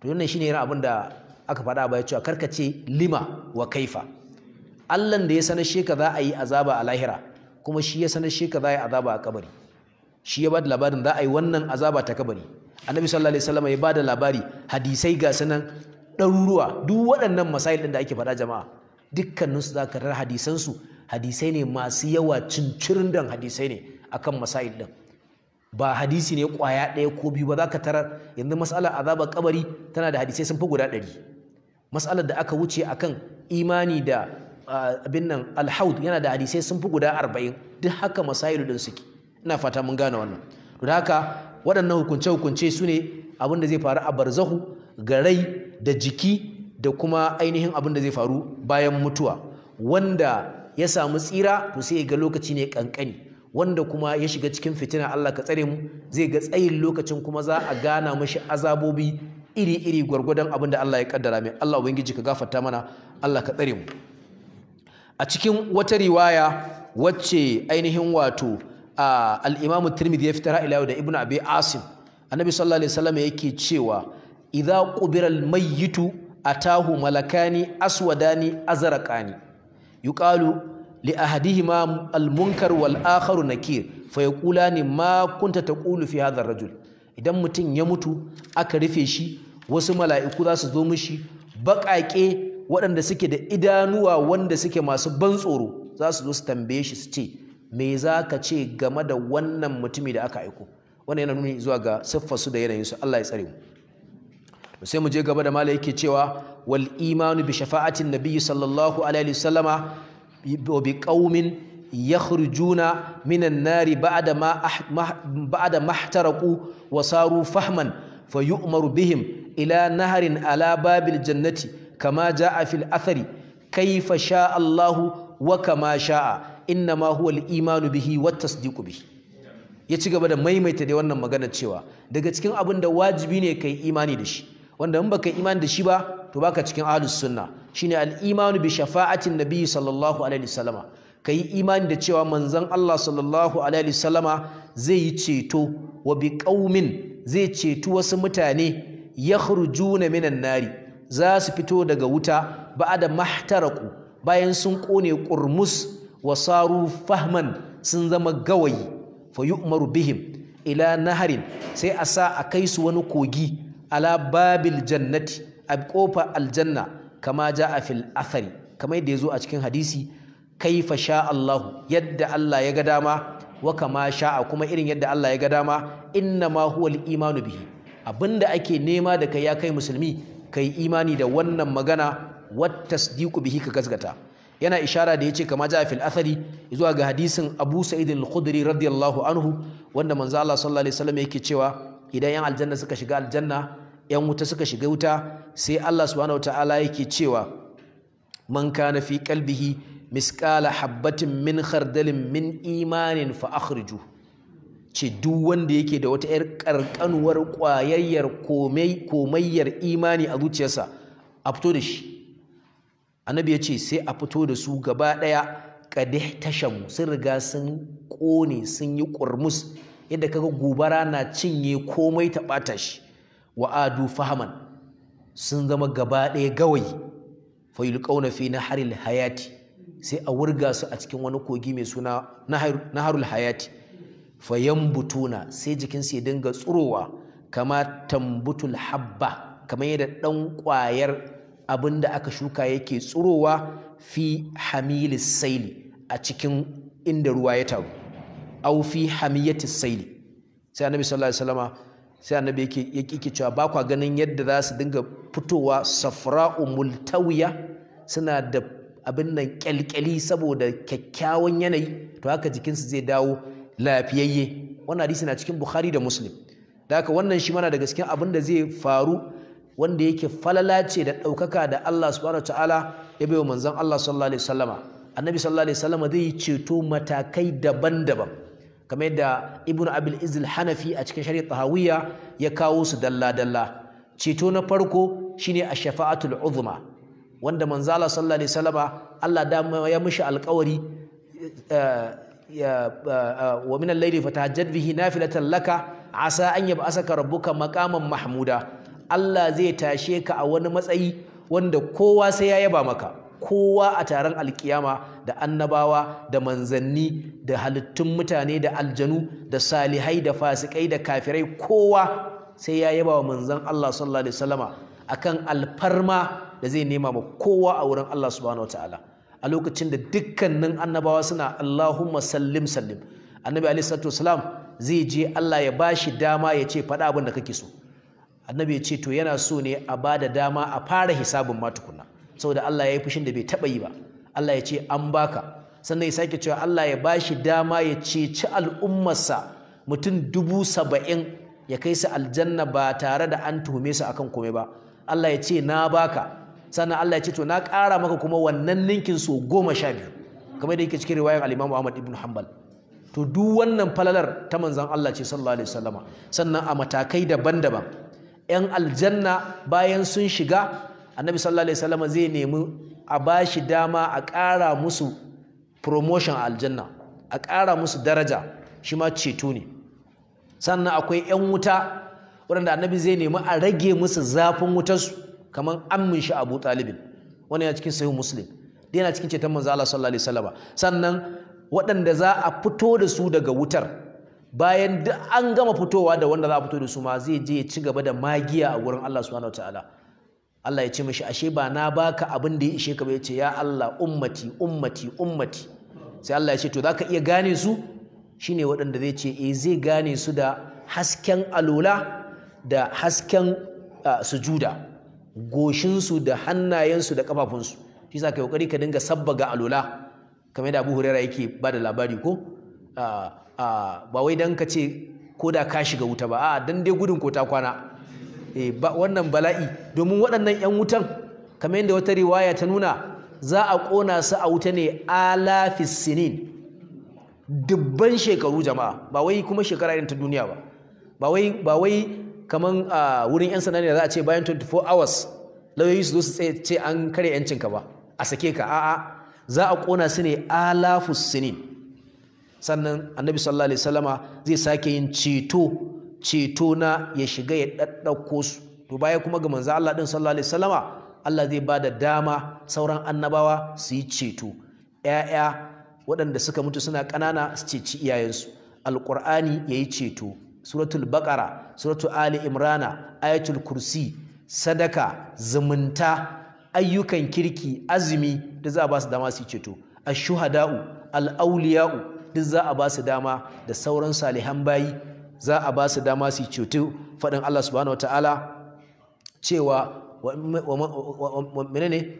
to wannan shine yana abin da aka faɗa baya cewa karkace lima wa kaifa Allahn da ya sanar shi ka za a yi azaba a lahira kuma shi ya sanar shi ka za a yi azaba a kabari shi ya ba da labarin za a yi wannan azaba ta kabari annabi sallallahu alaihi wasallam ya ba da labari hadisai ga sanan ɗaruruwa duk waɗannan masail ɗin da ake faɗa jama'a dukkaninsu za ka rar hadisansu hadisai ne masu yawa cincirin dan hadisai ne akan masail ɗin ba hadisi ne ƙwaya ɗaya ko biyu ba za ka tarar yanzu matsalar azabar kabari tana da hadisai sun fi guda ɗari matsalar da aka wuce akan imani da abin nan alhaud yana da hadisai sun fi guda arba'in duk haka masailu ɗin suke ina fata mun gane wannan to da haka waɗannan hukunce hukunce su ne abin da zai faru a barzahu ga rai da jiki da kuma ainihin abin da zai faru bayan mutuwa wanda ya samu tsira to sai ga lokaci ne kankani wanda kuma ya shiga cikin fitina Allah ka tsare mu zai ga tsayin lokacin kuma za a gana mashi azabobi iri-iri gwargwadon abin da Allah ya kaddara mai Allah ubangiji ka gafarta mana Allah ka tsare mu a cikin wata riwaya wacce ainihin wato al-Imam Tirmidhi ya fitara ila da Ibn Abi Asim Annabi sallallahu alaihi wasallam yake cewa idza qubira a atahu malakani aswadani azraqani yuqalu li ahadihima almunkar wal akharu nakir fa yaqulani ma kunta taqulu fi hadha rajul idan mutum ya mutu aka rufe shi wasu mala'iku za su zo mishi baƙaƙe waɗanda suke da idanuwa wanda suke masu ban tsoro za su zo su tambaye shi su ce me za ka ce game da wannan mutumi da aka aiko wannan yana nuni zuwa ga su da yanayin su Allah ya tsare mu sai mu je gaba da malai yake cewa wal imanu bi shafa'atin nabiyyi sallallahu alaihi wasallama bi qaumin yakhrujuna minan nari ba'da ma ah-, ba'da mahtaraqu wa saru fahman fayu'maru bihim ila naharin ala babil jannati kama jaa fil athari kayfa sha'a Allahu wa kama sha'a innama huwa al imanu bihi wat tasdiqu bihi ya ci gaba da maimaita da wannan magana cewa daga cikin abin da wajibi ne kai imani da shi wanda in baka imani da shi ba to baka cikin ahlus sunna shine al-imanu bi shafa'atin nabi sallallahu alaihi wasallama kai imani da cewa manzon Allah sallallahu alaihi wasallama zai yi ceto wa bi qaumin zai ceto wasu mutane yakhrujuna minan nari za su fito daga wuta da mahtaraku bayan sun kone qurmus wa saru fahman sun zama gawayi fa yu'maru bihim ila naharin sai a sa a kai su wani kogi ala babil jannati a kofa aljanna kama a fil athari kama yadda ya zo a cikin hadisi kaifa sha Allah yadda Allah ya ga dama wa kama sha'a kuma irin yadda Allah ya ga dama inna ma huwa al-imanu bihi abinda ake nema da kai ya kai musulmi kai imani da wannan magana wat tasdiqu bihi ka gasgata yana ishara da yace kama ja fil athari zuwa ga hadisin Abu Sa'id al-Khudri radiyallahu anhu wanda manzo Allah sallallahu alaihi wasallam yake cewa idan yan aljanna suka shiga aljanna yan wuta suka shiga wuta sai Allah subhanahu wataala yake cewa man kana fi qalbihi misqala habbatin min khardalin min imanin fa akhriju ce duk wanda yake da wata yar karkanuwar kwayayyar komai komayyar imani a zuciyarsa a fito da shi annabi ya ce sai a fito da su gaba daya kadih tashamu sun riga sun kone sun yi ƙurmus yadda kaga gobara na cinye komai ta ɓata shi wa adu fahaman sun zama gaba ɗaya gawayi fa yulqauna fi naharil hayati sai a wurga su a cikin wani kogi mai suna naharul hayati fa yambutuna sai jikinsu ya dinga tsurowa kama tambutul habba kama yadda ɗan ƙwayar abin da aka shuka yake tsurowa fi hamilis saili a cikin inda ruwa ya taru aw fi hamiyati sayli sai annabi sallallahu alaihi wasallama sai annabi yake yake cewa ba kwa ganin yadda za su dinga fitowa safra'u multawiya suna da abin nan kyalkyali saboda kyakkyawan yanayi to haka jikinsu zai dawo lafiyayye wannan hadisi na cikin bukhari da muslim da haka wannan shi mana daga cikin abin da zai faru wanda yake falala ce da ɗaukaka da Allah subhanahu ta'ala ya baiwa manzon Allah sallallahu alaihi wasallama annabi sallallahu alaihi wasallama zai yi ceto matakai daban-daban kamar yadda ibnu abil izil hanafi a cikin shari'a tahawiyya ya kawo su dalla dalla ceto na farko shine a shafaatul uzma wanda manzala sallallahu alaihi wasallama Allah da ya mishi alƙawari eh, eh, eh, wa min al-layli fatahajjad bihi nafilatan laka asa an yab'asaka rabbuka maqaman mahmuda Allah zai tashe ka a wani matsayi wanda kowa sai ya yaba maka kowa a taron alkiyama da annabawa da manzanni da halittun mutane da aljanu da salihai da fasikai da kafirai kowa sai ya yaba wa manzan Allah sallallahu alaihi wasallama akan alfarma da zai nema ma kowa a wurin Allah subhanahu wataala a lokacin da dukkanin annabawa suna Allahumma sallim sallim annabi alaihi salatu wasalam zai je Allah ya bashi dama ya ce faɗa abin da kake so annabi ya ce to yana so ne a bada dama a fara hisabin ma tukunna da Allah ya yi fushin da bai taɓa yi ba Allah ya ce an baka sannan ya sake cewa Allah ya ba shi dama ya ceci al'ummarsa mutum dubu saba'in ya kai su aljanna ba tare da an tuhume su akan komai ba Allah ya ce na baka sannan Allah ya ce to na ƙara maka kuma wannan ninkin so goma sha biyu kamar da yake cikin riwayar al'imamu Ahmad ibn Hanbal to duk wannan falalar ta manzon Allah ce sallallahu alaihi wasallama sannan a matakai daban-daban 'yan aljanna bayan sun shiga annabi sallallahu alaihi wasallam zai nemi a bashi dama a ƙara musu promotion aljanna a ƙara musu daraja shi ma ceto ne sannan akwai ƴan wuta waɗanda annabi zai nemi a rage musu zafin wutarsu kamar ammin shi abu Talib wani ya cikin sahih muslim dai yana cikin cetan manzo Allah sallallahu alaihi wasallam sannan waɗanda za a fito da su daga wutar bayan duk an gama fitowa da wanda za a fito da su ma zai je ya ci gaba da magiya a wurin Allah subhanahu wataala Allah ya ce mashi ashe ba na baka abin da ya ishe ka ba ya ce ya Allah ummati ummati ummati sai Allah ya ce to zaka iya gane su shine waɗanda zai ce eh zai gane su da hasken alula da hasken sujuda goshinsu da hannayensu da kafafunsu shi sa yi kokari ka dinga sabbaga alula kamar da Abu Hurairah yake ba da labari ko ba wai dan ka ce ko da ka shiga wuta ba a dan dai gudun ko ta kwana Eh, wannan bala'i domin waɗannan 'yan wutan kamar yadda wata riwaya ta nuna za a ƙona su a wuta ne alafis sinin dubban shekaru jama'a ba wai kuma shekara irin ta duniya ba ba wai kamar wurin 'yan sanani da za a ce bayan 24 hours lauyoyi su zo su ce an kare 'yancinka ba a sake ka a'a za a ƙona su ne alafis sinin sannan annabi sallallahu alaihi wasallama zai sake yin ceto ceto na ya shiga ya ɗaɗɗauko su to baya kuma ga manzo Allah din sallallahu alaihi wasallama Allah zai ba da dama sauran annabawa su yi ceto ‘ya'ya waɗanda suka mutu suna ƙanana su ceci iyayensu alƙur'ani ya yi ceto suratul baƙara suratul ali imrana ayatul kursi sadaka zumunta ayyukan kirki azumi duk za a ba su dama su yi ceto ashuhada'u al'auliya'u duk za a ba su dama da sauran salihan bayi za a ba su dama su cutu faɗin Allah subhanahu wataala cewa menene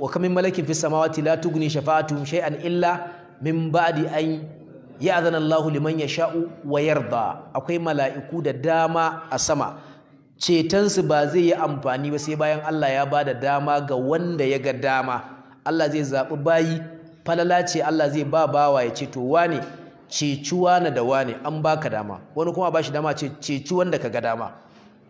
wa kamin malakin fi samawati la tugni shafa'atuhum shay'an illa min ba'di an ya'zana Allah liman yasha'u wa yarda akwai mala'iku da dama a sama su ba zai yi amfani ba sai bayan Allah ya bada dama ga wanda ya ga dama Allah zai zaɓi bayi falala ce Allah zai ba bawa ya ce to wane ceci wani da wani an baka dama wani kuma ba shi dama ce ceci wanda ka ga dama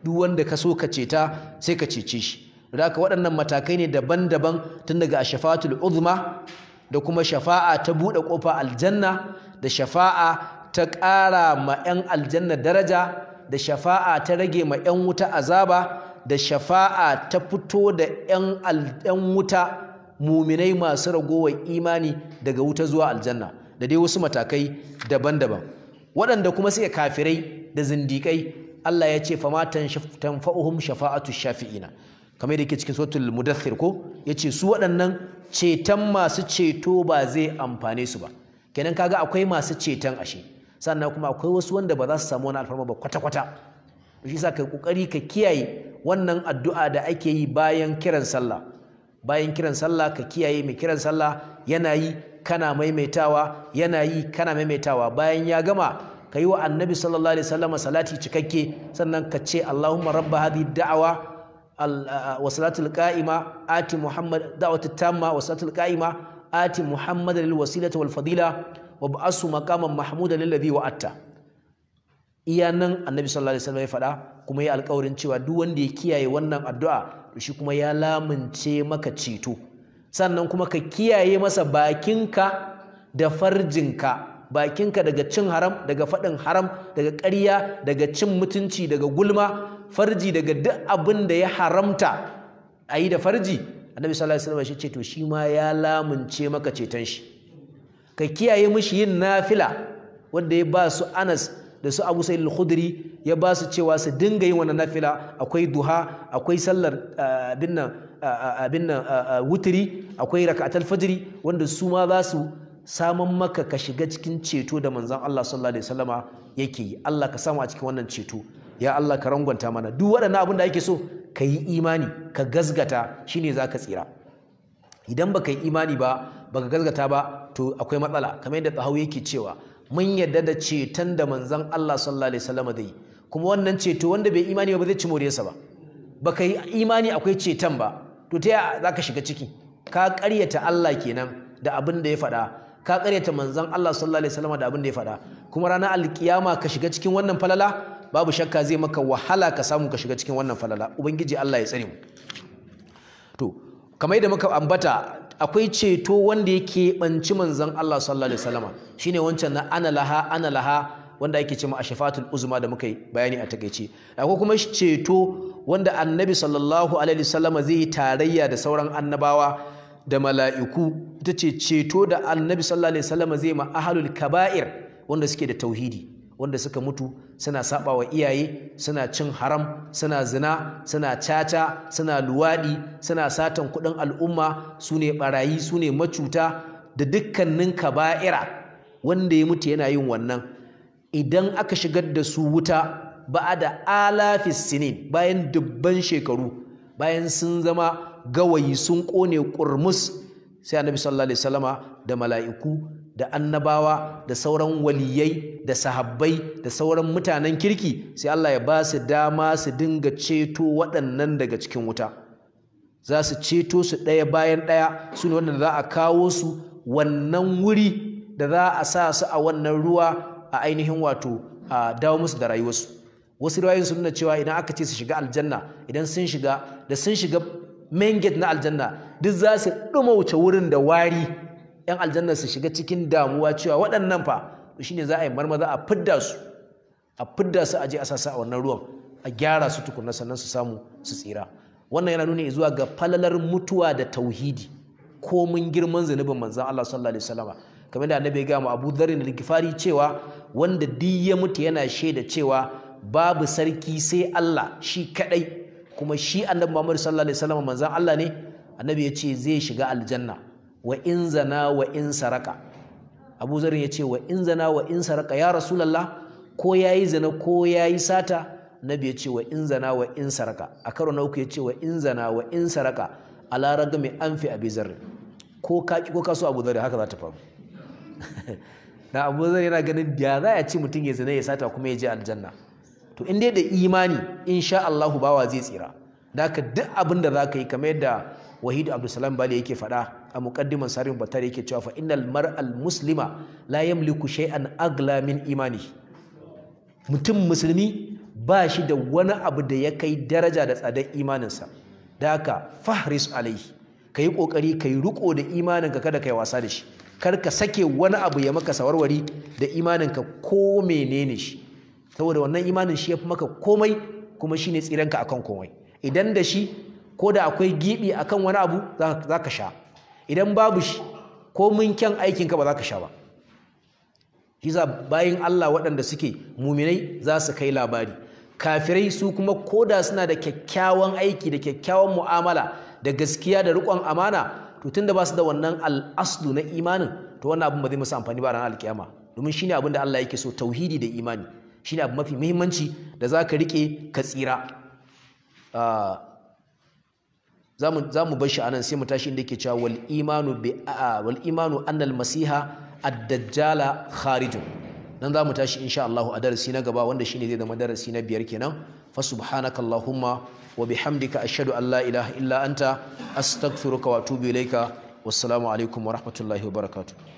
duk wanda ka so ka ceta sai ka cece shi da haka waɗannan matakai ne daban-daban tun daga shafatul uzma da kuma shafa'a ta buɗe ƙofa aljanna da shafa'a ta ƙara ma 'yan aljanna daraja da shafa'a ta rage ma 'yan wuta azaba da shafa'a ta fito da 'yan wuta muminai masu ragowar imani daga wuta zuwa aljanna da dai wasu matakai daban-daban waɗanda kuma suke kafirai da zindikai Allah ya ce fama tanfa'uhum shafa'atu shafi'ina kamar da ke cikin suratul mudaththir ko yace su waɗannan ceton masu ceto ba zai amfane su ba kenan kaga akwai masu ceton ashe sannan kuma akwai wasu wanda ba za su samu wani alfarma ba kwata-kwata shi yasa kai kokari ka kiyaye wannan addu'a da ake yi bayan kiran sallah bayan kiran sallah ka kiyaye mai kiran sallah yana yi kana maimaitawa yana yi kana maimaitawa bayan ya gama ka yi wa annabi sallallahu alaihi wasallam salati cikakke sannan ka ce Allahumma rabba hadhihi da'awa uh, wa salatul qa'ima ati muhammad da'watu tamma wa salatul qa'ima ati Muhammad lil wasilati wal fadila wa ba'asu maqaman mahmuda lil wa'atta iya nan annabi sallallahu alaihi wasallam ya faɗa kuma ya alƙawarin cewa duk wanda ya kiyaye wannan addu'a shi kuma ya lamince maka ceto sannan kuma ka kiyaye masa bakinka da farjinka bakinka daga cin haram daga faɗin haram daga ƙarya daga cin mutunci daga gulma farji daga duk abin da ya haramta a yi da farji annabi sallallahu alaihi wasallam shi ce to shi ma ya lamunce maka ceton shi ka kiyaye mishi yin nafila wanda ya ba su Anas da su Abu Sa'id al ya ba su cewa su dinga yin wannan nafila akwai duha akwai sallar eh, binna abin nan wutiri akwai rakatar fajiri. wanda su ma za su saman maka ka shiga cikin ceto da manzon Allah sallallahu alaihi wasallama yake yi Allah ka samu a cikin wannan ceto ya Allah ka rangwanta mana duk wadannan abin da ake so ka yi imani ka gazgata shine za ka tsira idan baka yi imani ba baka gazgata ba to akwai matsala kamar yadda tsahau yake cewa mun yadda da ceton da manzon Allah sallallahu alaihi wasallama zai kuma wannan ceto wanda bai imani ba zai ci moriyarsa ba baka yi imani akwai ceton ba to ta za ka shiga ciki ka karyata Allah kenan da abin da ya faɗa ka karyata manzan Allah sallallahu alaihi wasallam da abin da ya faɗa kuma ranar alkiyama ka shiga cikin wannan falala babu shakka zai maka wahala ka samu ka shiga cikin wannan falala ubangiji Allah ya tsare mu to kamar yadda muka ambata akwai ceto wanda yake banci manzan Allah sallallahu alaihi wasallam shine wancan na ana laha ana laha wanda ake cewa ashafatul uzma da muka yi bayani a takeice akwai kuma ceto wanda annabi sallallahu alaihi wasallam zai yi tarayya da sauran annabawa da mala'iku ita ce ceto da annabi sallallahu alaihi wasallam zai ma ahlul kaba'ir wanda suke da tauhidi wanda suka mutu suna saba wa iyaye suna cin haram suna zina suna caca suna luwaɗi suna satan kuɗin al'umma su ne sune su ne macuta da dukkanin kaba'ira wanda ya mutu yana yin wannan idan aka shigar da su wuta ba'a da alafis sinin bayan dubban shekaru bayan sun zama gawayi sun kone kurmus sai annabi sallallahu alaihi wasallama da mala'iku da annabawa da sauran waliyai da sahabbai da sauran mutanen kirki sai Allah ya ba su dama su dinga ceto waɗannan daga cikin wuta za su ceto su ɗaya bayan ɗaya su ne wanda za a kawo su wannan wuri da za a sa su a wannan ruwa a ainihin wato a dawo musu da rayuwarsu wasu riwayoyin sun nuna cewa idan aka ce su shiga aljanna idan sun shiga da sun shiga main gate na aljanna duk za su ɗuma wuce wurin da wari yan aljanna su shiga cikin damuwa cewa waɗannan fa shine za a yi marmaza a fidda su a fidda su a je a sasa a wannan ruwan a gyara su tukunna sannan su samu su tsira wannan yana nuna zuwa ga falalar mutuwa da tauhidi ko mun girman zunubin manzon Allah sallallahu alaihi wasallama kamar da annabi ya ga mu Abu Dharr al-Ghifari cewa wanda duk ya mutu yana shaida cewa babu sarki sai Allah shi kadai kuma shi annabi Muhammad sallallahu alaihi wasallam manzon Allah ne annabi ya ce zai shiga aljanna wa in zana wa in saraka Abu Zar ya ce wa in zana wa in saraka ya Rasulullah ko yayi zina ko yayi sata annabi ya ce wa in zana wa in saraka a karo na uku ya ce wa in zana wa in saraka ala ragmi anfi Abi zar ko ka ko ka so Abu Zar haka za ta faru da abu zai yana ganin da za a ci mutum ya zina ya sata kuma ya je aljanna to in dai da imani insha Allah bawa zai tsira da ka duk abin da za ka yi kamar yadda wahidu abdulsalam bali yake faɗa a mukaddiman sarin batar yake cewa fa innal mar'al muslima la yamliku shay'an agla min imani mutum musulmi ba shi da wani abu da ya kai daraja da tsadar imaninsa da haka fahris alaihi ka yi ƙoƙari ka yi riƙo da imaninka kada ka wasa da shi kar ka sake wani abu ya maka sawarwari da imaninka ko menene shi saboda wannan imanin shi ya fi maka komai kuma shi ne tsiranka a kan komai idan da shi ko da akwai giɓi kan wani abu za ka sha idan babu shi ko mun kyan aikinka ba za ka sha ba shi bayan Allah waɗanda suke muminai za su kai labari kafirai su kuma koda suna da kyakkyawan aiki da kyakkyawan mu'amala da gaskiya da riƙon amana to tunda ba su da wannan al'aslu na imanin to wannan abin ba zai musu amfani ba ran alkiyama domin shine abin da Allah yake so tauhidi da imani shine abu mafi muhimmanci da za ka rike ka tsira ah, za mu bar shi anan sai mu tashi inda yake cewa wal imanu bi ah, wal imanu annal masiha ad-dajjala kharijun nan za mu tashi insha Allah a darasi na gaba wanda shine zai zama darasi na biyar kenan fa subhanaka allahumma wa bihamdika ashhadu allah ilaha illa anta astaghfiruka wa atubu ilaika alaikum wa rahmatullahi wa barakatu.